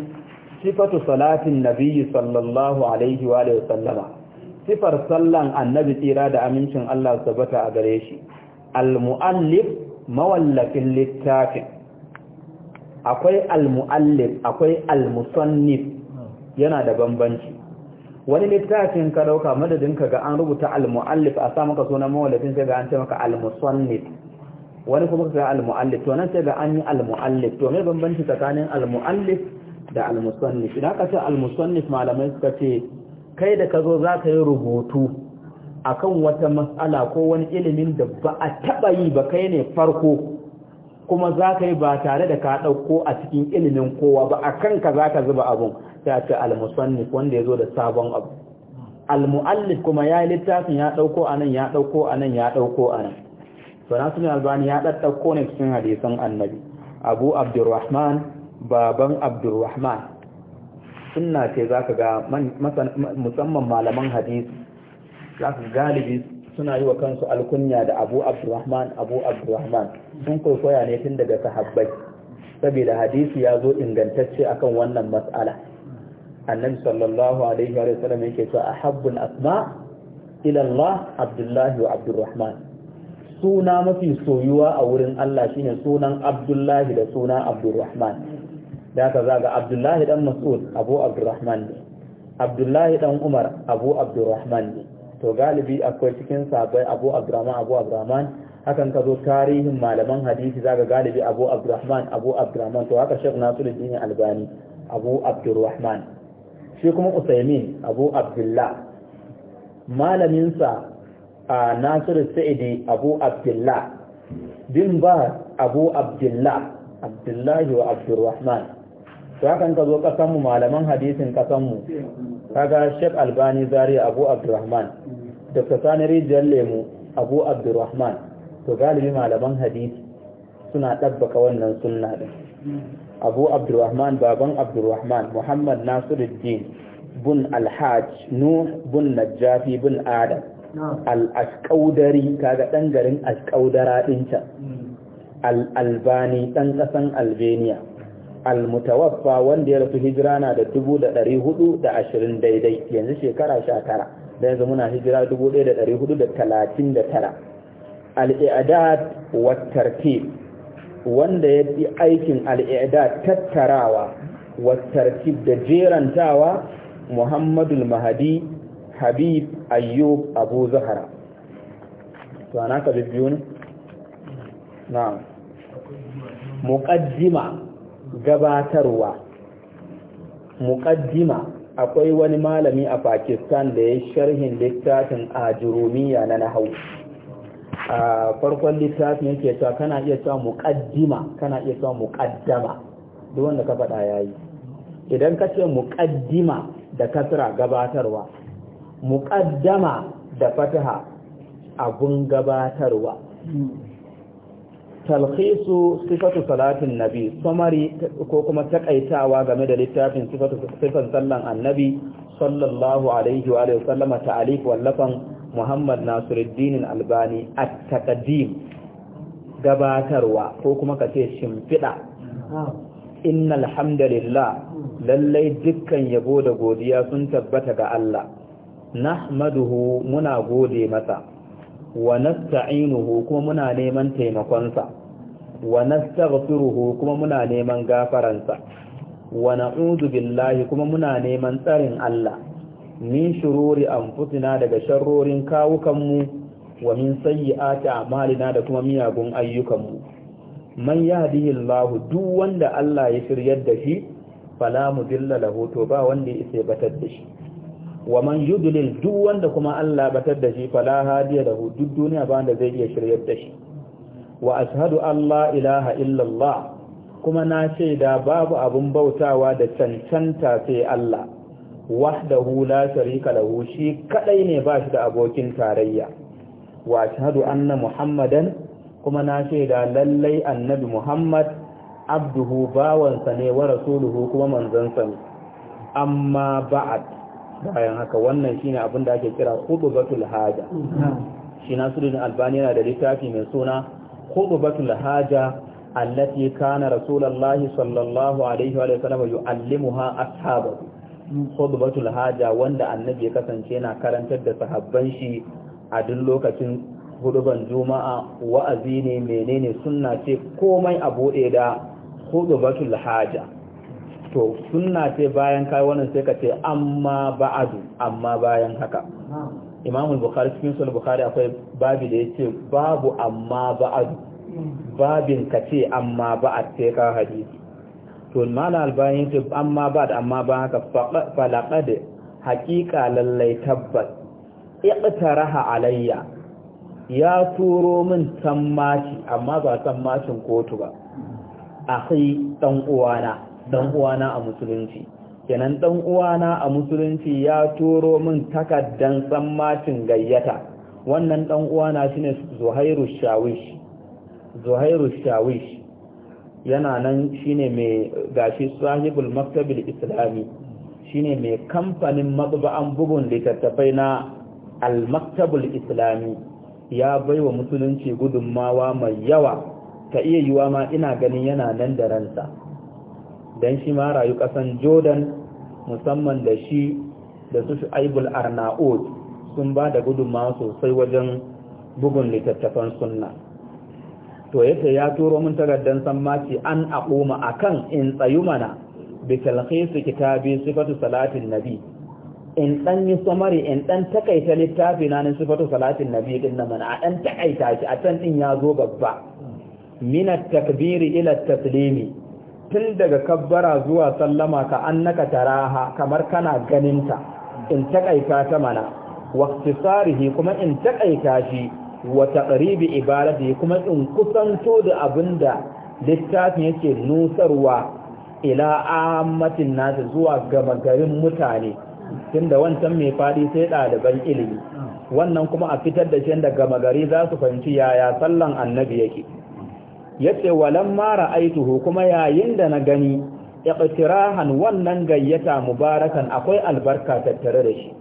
Speaker 1: sifatu salatin nabi sallallahu alaihi wa sallama sifar sallan annabi tsira da amincin Allah sabata a gare shi al-muallif mawallafin littafin akwai al-muallif akwai al-musannif yana da bambanci wani littafin ka dauka madadin ka ga an rubuta al-muallif a sa maka sunan mawallafin sai ga an ce maka al-musannif wani kuma ka ga al-muallif to nan sai ga an yi al-muallif to me bambanci tsakanin al-muallif da al-musannif idan ka ce al-musannif malamai suka ce kai da ka zo za ka yi rubutu kan wata matsala ko wani ilimin da ba a taɓa yi ba kai ne farko kuma za ka yi ba tare da ka ɗauko a cikin ilimin kowa ba a kanka za ka zuba abun ta ce almusannif wanda ya zo da sabon abu almu'allif kuma ya yi littafin ya ɗauko a nan ya ɗauko a nan ya ɗauko a nan ne albani ya ɗaɗɗauko ne cikin hadisan annabi abu abdurrahman baban abdurrahman sunna ce za ka ga musamman malaman hadisi za ka galibi suna yi wa kansu alkunya da abu abdurrahman abu abdurrahman sun kwaikwaya ne tun daga sahabbai saboda hadisi ya zo ingantacce akan wannan matsala annan sallallahu alaihi wa sallam yake cewa ahabbul asma ilallah abdullahi wa abdurrahman suna mafi soyuwa a wurin Allah shine sunan abdullahi da suna abdurrahman da aka za ga abdullahi dan mas'ud abu abdurrahman ne abdullahi dan umar abu abdurrahman ne to galibi akwai cikin sabai abu abdurrahman abu abdurrahman hakan ka zo tarihin malaman hadisi zaga galibi abu abdurrahman abu abdurrahman to haka shek nasiruddin albani abu abdurrahman shi kuma usaimin abu abdullah malaminsa a nasiru sa'idi abu abdullah bin ba abu abdullah abdullahi wa abdurrahman to ka zo kasanmu malaman hadisin kasanmu kaga Sheikh Albani Zari Abu Abdurrahman Dr. Sani Rijiyar Lemu Abu Abdurrahman to galibi malaman hadisi suna ɗabbaka wannan sunna din Abu Abdurrahman baban Abdurrahman Muhammad Nasiruddin bun Alhaj Nuh bun Najjafi bun Adam al kaga ɗan garin Asqaudara din can al-Albani Albania almutawaffa wanda ya rasu hijira na da dubu da ɗari hudu da ashirin daidai yanzu shekara sha tara da yanzu muna hijira dubu ɗaya da ɗari hudu da talatin da tara al'i'adad wa tartib wanda ya yi aikin al'i'adad tattarawa wa tartib da jerantawa muhammadul mahadi habib ayyub abu zahara to na ka bibbiyu ne na muqaddima gabatarwa muƙaddima akwai wani malami a pakistan da ya sharhin littafin a na nahau a farkon littafin yake cewa kana iya cewa muƙaddima kana iya cewa muƙaddama duk wanda ka faɗa ya idan ka ce muƙaddima da kasra gabatarwa muƙaddama da fataha abun gabatarwa talkhisu sifatu salatin nabi samari ko kuma takaitawa game da littafin sifatu sifan sallan annabi sallallahu alaihi wa alihi sallama ta'alif wallafan Muhammad Nasiruddin Albani at-taqdim gabatarwa ko kuma kace shimfida innal hamdalillah lallai dukkan yabo da godiya sun tabbata ga Allah nahmaduhu muna gode masa wa nasta'inuhu kuma muna neman taimakonsa wa nastaghfiruhu kuma muna neman gafaransa wa na'udhu billahi kuma muna neman tsarin Allah min shururi anfusina daga sharrorin kawukanmu wa min sayyi'ati a'malina da kuma miyagun ayyukanmu man yahdihillahu duk wanda Allah ya shiryar da shi fala mudilla lahu to ba wanda ya isa batar da shi wa man yudlil duk wanda kuma Allah batar da shi fala hadiya lahu duk duniya ba wanda zai iya shiryar da shi wa allah ilaha illallah kuma na shaida babu abin bautawa da cancanta sai Allah wahdahu la sharika lahu shi kadai ne ba shi da abokin tarayya wa ashhadu anna muhammadan kuma na shaida lallai annabi muhammad abduhu bawansa ne wa rasuluhu kuma manzansa ne amma ba'ad bayan haka wannan shine abin da ake kira khutbatul haja shi nasiruddin albani yana da littafi mai suna khutbatul haja allati kana rasulullahi sallallahu alaihi wa sallam yu'allimuha ashabahu khutbatul haja wanda annabi ya kasance na karantar da sahabban shi a duk lokacin huduban juma'a wa'azi ne menene sunna ce komai a bude da khutbatul haja to sunna ce bayan kai wannan sai ka ce amma ba'adu amma bayan haka imam bukhari cikin sunan bukhari akwai babi da ce babu amma ba'ad babin kace amma ba'ad sai ka hadisi to mala albani ce amma ba'ad amma ba haka falaqad haqiqa lallai tabbas iqtaraha alayya ya turo min tammaci amma ba tammacin kotu ba akhi dan uwana dan uwana a musulunci kenan dan uwana a musulunci ya turo min takaddan tsammacin gayyata wannan dan uwana shine Zuhairu Shawish Zuhairu Shawish yana nan shine mai gashi sahibul maktabil islami shine mai kamfanin matsuba'an bugun littattafai na al-maktabul islami ya baiwa musulunci gudunmawa mai yawa ta iya yiwa ma ina ganin yana nan da ransa don shi ma rayu kasan jordan musamman da shi da su aibul arnaud sun ba da gudunmawa sosai wajen bugun littattafan sunna to yace ya turo mun tagaddan sammaci an aquma akan in tsayu mana bi talkhis kitabi sifatu salatin nabi in dan yi samari in dan takaita littafi na ne sifatu salatin nabi din nan mana dan takaita shi a can din ya zo babba min at takbiri ila at-taslimi tun daga kabbara zuwa sallama ka annaka taraha kamar kana ganinta in taƙaita ta mana waqtisarihi kuma in taƙaita shi wa taqribi ibadati kuma in kusanto da abinda littafin yake nusarwa ila ammatin nasu zuwa gama garin mutane tunda wancan mai faɗi sai ɗaliban ilimi wannan kuma a fitar da shi da gama gari za su fahimci yaya sallan annabi yake yace walan mara aituhu kuma yayin da na gani iqtirahan wannan gayyata mubarakan akwai albarka tattare da shi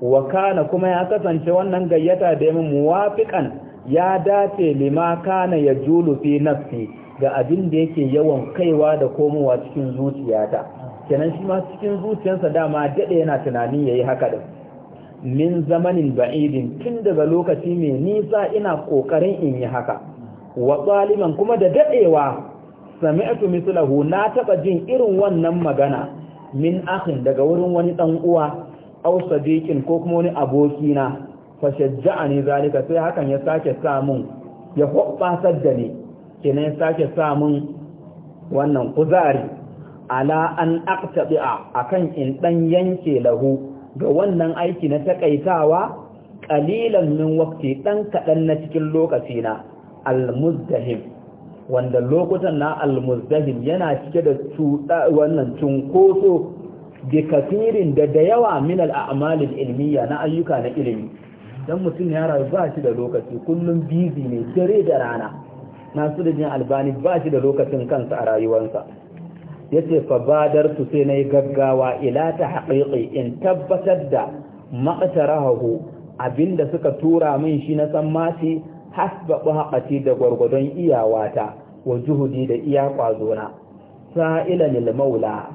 Speaker 1: wa kuma ya kasance wannan gayyata da yamin muwafiqan ya dace lima kana yajulu fi nafsi ga abin da yake yawan kaiwa da komowa cikin zuciyata kenan shi ma cikin zuciyarsa dama dade yana ya yayi haka da min zamanin ba'idin tun daga lokaci mai nisa ina kokarin in yi haka wa zaliman kuma da dadewa sami'tu mislahu na taba jin irin wannan magana min akhin daga wurin wani dan uwa aw sadiqin ko kuma wani aboki na fa shajja'ani zalika sai hakan ya sake sa mun ya hobbasar da ni kenan ya sake sa mun wannan kuzari ala an aqtabi'a akan in dan yanke lahu ga wannan aiki na takaitawa qalilan min waqti dan kadan na cikin lokaci na al-muzdahim wanda lokutan na al-muzdahim yana cike da cuta wannan cunkoso da kafirin da da yawa min al-a'mal al-ilmiya na ayyuka na ilimi dan mutum ya rayu ba shi da lokaci kullum busy ne dare da rana na su da jin albani ba shi da lokacin kansa a rayuwarsa ya ce tu sai nayi gaggawa ila ta haƙiƙi in tabbatar da maqtarahu abinda suka tura min shi na san mace. hasbabu buhaqati da gwargwadon iyawata wa juhudi da iya kwazona sa'ilan lil maula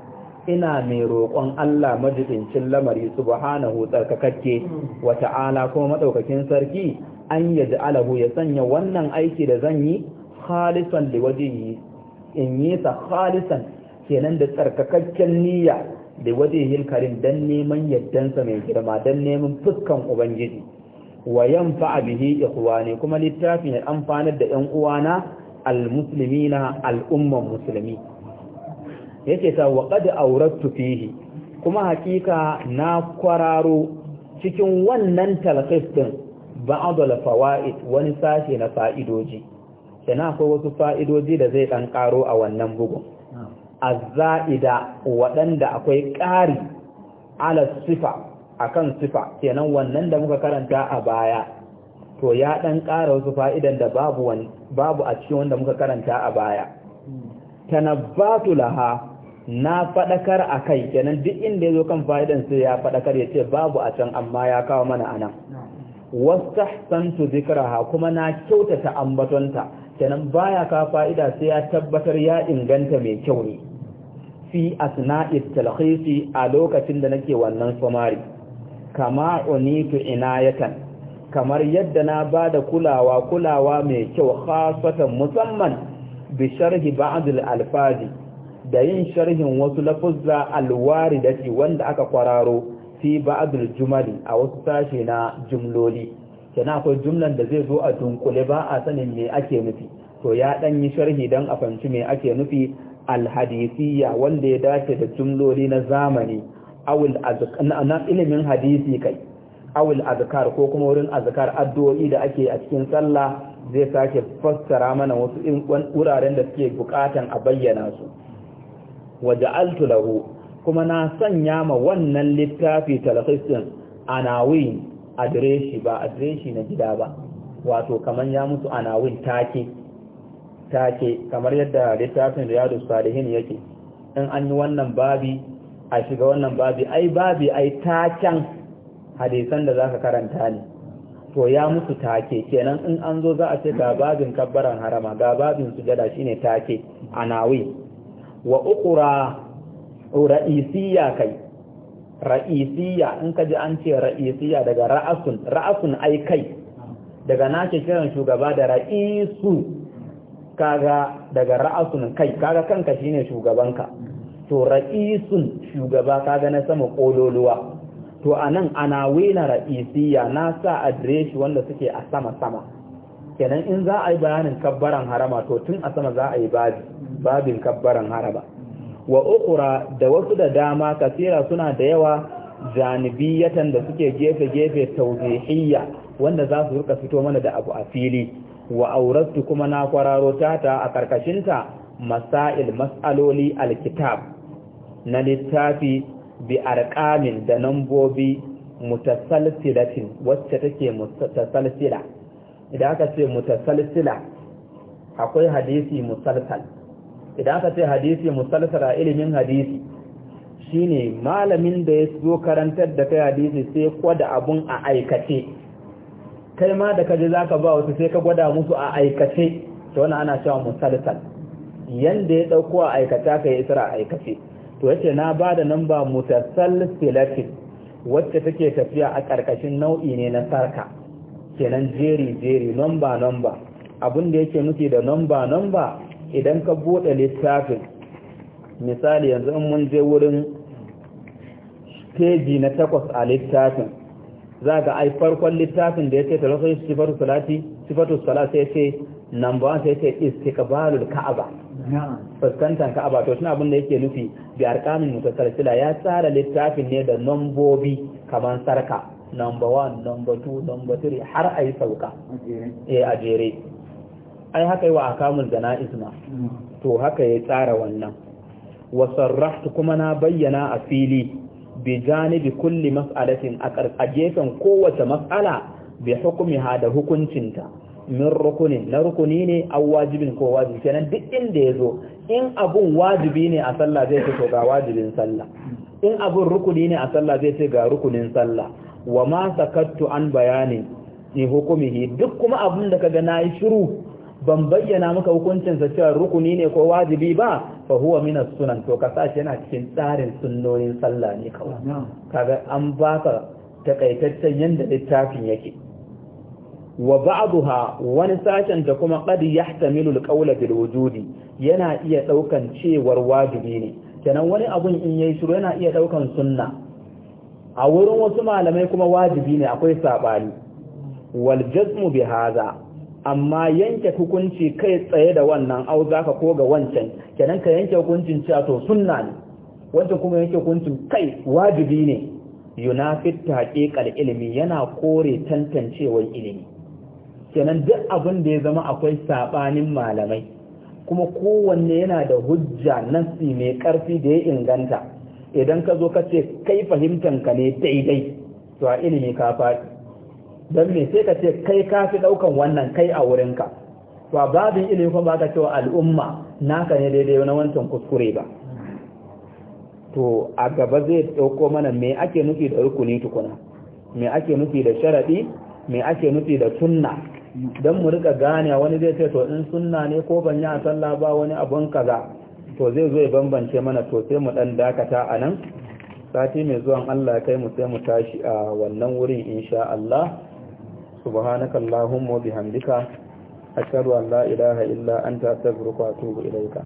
Speaker 1: ina mai roƙon Allah majidincin lamari subhanahu tsarkakakke wa ta'ala ko madaukakin sarki an alahu ya sanya wannan aiki da zan yi khalisan liwajhihi in yi sa khalisan kenan da tsarkakakken niyya da wajihil karim dan neman yaddansa mai girma dan neman fuskan ubangiji wa yanfa bihi ikhwani kuma littafin ya amfanar da ƴan uwana almuslimina al'umman musulmi yake ta wa qad awrattu fihi kuma hakika na kwararo cikin wannan talqis din ba'dul fawaid wani sashe na fa'idoji na akwai wasu fa'idoji da zai dan karo a wannan bugun azza'ida waɗanda akwai ƙari ala sifa akan sifa kenan wannan da muka karanta a baya to ya dan kara wasu fa'idan da babu babu a cikin wanda muka karanta a baya tanabbatu laha na fadakar akai kenan duk inda yazo kan fa'idan sai ya fadakar yace babu a can amma ya kawo mana anan wastahsantu dhikraha kuma na kyautata ambatonta kenan baya ka fa'ida sai ya tabbatar ya inganta mai kyau ne fi asna'i talhisi a lokacin da nake wannan samari kama unitu inayatan kamar yadda na ba da kulawa kulawa mai kyau khasatan musamman bi sharhi ba'd alfazi da yin sharhin wasu lafuzza alwaridati wanda aka kwararo fi ba'd al-jumali a wasu sashi na jumloli kenan akwai jumlan da zai zo a dunkule ba a sanin me ake nufi to ya dan yi sharhi dan a fanci me ake nufi alhadisiyya wanda ya dace da jumloli na zamani azkar na ilimin hadisi kai awul azkar ko kuma wurin azkar addu'o'i da ake a cikin sallah zai sake fassara mana wasu wuraren da suke bukatan a bayyana su waja'altu lahu kuma na sanya ma wannan littafi talakhisin anawin adireshi ba adireshi na gida ba wato kamar ya mutu anawin take take kamar yadda littafin riyadu salihin yake in an yi wannan babi a shiga wannan babi ai babi ai taken hadisan da za ka karanta ne to ya musu take kenan in an zo za a ce ga babin kabbaran harama ga babin sujada shine take A nawi wa ukura ra'isiyya kai ra'isiyya in ka ji an ce ra'isiyya daga ra'asun ra'asun ai kai daga ce kiran shugaba da ra'isu kaga daga ra'asun kai kaga kanka shine shugabanka to ra'isun shugaba kaga na sama kololuwa to anan ana anawina ra'isiyya na sa adireshi wanda suke a sama sama kenan in za a yi bayanin kabbaran harama to tun a sama za a yi babin kabbaran harama wa ukura da wasu da dama kasira suna da yawa janibiyatan da suke gefe-gefe tauzihiyya wanda za su rika fito mana da abu a fili wa auratu kuma na kwararo tata a karkashinta masail mas'aloli alkitab na littafi bi arqamin da nambobi mutasalsilatin wacce take mutasalsila idan aka ce mutasalsila akwai hadisi musalsal idan aka ce hadisi musalsal a ilimin hadisi shine malamin da ya zo karantar da kai hadisi sai kwada abun a aikace kai ma da kaje zaka ba wasu sai ka gwada musu a aikace to wannan ana cewa musalsal yanda ya ɗauko a aikata ka yi isra aikace to yace na ba da namba mutasalsilatin wacce take tafiya a ƙarƙashin nau'i ne na sarka kenan jeri jeri namba namba abin da yake nufi da namba namba idan ka buɗe littafin misali yanzu in mun je wurin teji na takwas a littafin za ga ai farkon littafin da ya ce talafai sifatu salati sifatu salati sai ce number yace sai ce ka'aba fuskantar ka'aba to suna abin da yake nufi bi arkanin mutasalsila ya tsara littafin ne da nambobi kamar sarka number one number two number three har a yi sauka a jere eh, ai haka yi wa akamun zana isma mm. to haka ya tsara wannan wasarrahtu kuma na bayyana a fili bi bi kulli mas'alatin a gefen kowace mas'ala bi hukumi ha da hukuncinta min rukuni na rukuni ne aw wajibin ko wajibi kenan duk inda ya zo, in abun wajibi ne a sallah zai ce ga wajibin sallah in abun rukuni ne a sallah zai ce ga rukunin sallah wa ma sakattu an bayani ni hukumihi duk kuma abun da kaga nayi shiru ban bayyana maka hukuncin sa cewa rukuni ne ko wajibi ba fa huwa min as-sunan to ka sashi yana cikin tsarin sunnonin sallah ne kawai kaga an baka takaitaccen yanda littafin yake wa ba'daha wani sashen da kuma qad yahtamilu alqawla bil wujudi yana iya daukan cewar wajibi ne kenan wani abun in yayi shiru yana iya daukan sunna a wurin wasu malamai kuma wajibi ne akwai sabani wal jazmu bi hadha amma yanke hukunci kai tsaye da wannan au zaka ko ga wancan kenan ka yanke hukuncin cewa to sunna ne wancan kuma yanke hukuncin kai wajibi ne yunafi taqiqal ilmi yana kore tantancewar ilimi kenan duk abin da ya zama akwai sabanin malamai kuma kowanne yana da hujja nasi mai karfi da ya inganta idan ka zo ka ce kai fahimtanka ne daidai to a ilimi ka faɗi don me sai ka ce kai ka fi ɗaukan wannan kai a wurinka to a babin ilimi kuma ba ka cewa al'umma naka ne daidai na wancan kuskure ba to a gaba zai ɗauko mana me ake nufi da rukuni tukuna me ake nufi da sharaɗi me ake nufi da sunna don mu rika gane wani zai ce to in sunna ne ko ban yi a sallah ba wani abun kaza to zai zo ya bambance mana to sai mu dan dakata a nan sati mai zuwan Allah kai mu sai mu tashi a wannan wurin insha Allah subhanaka allahumma bihamdika ashhadu an la ilaha illa anta astaghfiruka wa atubu ilaika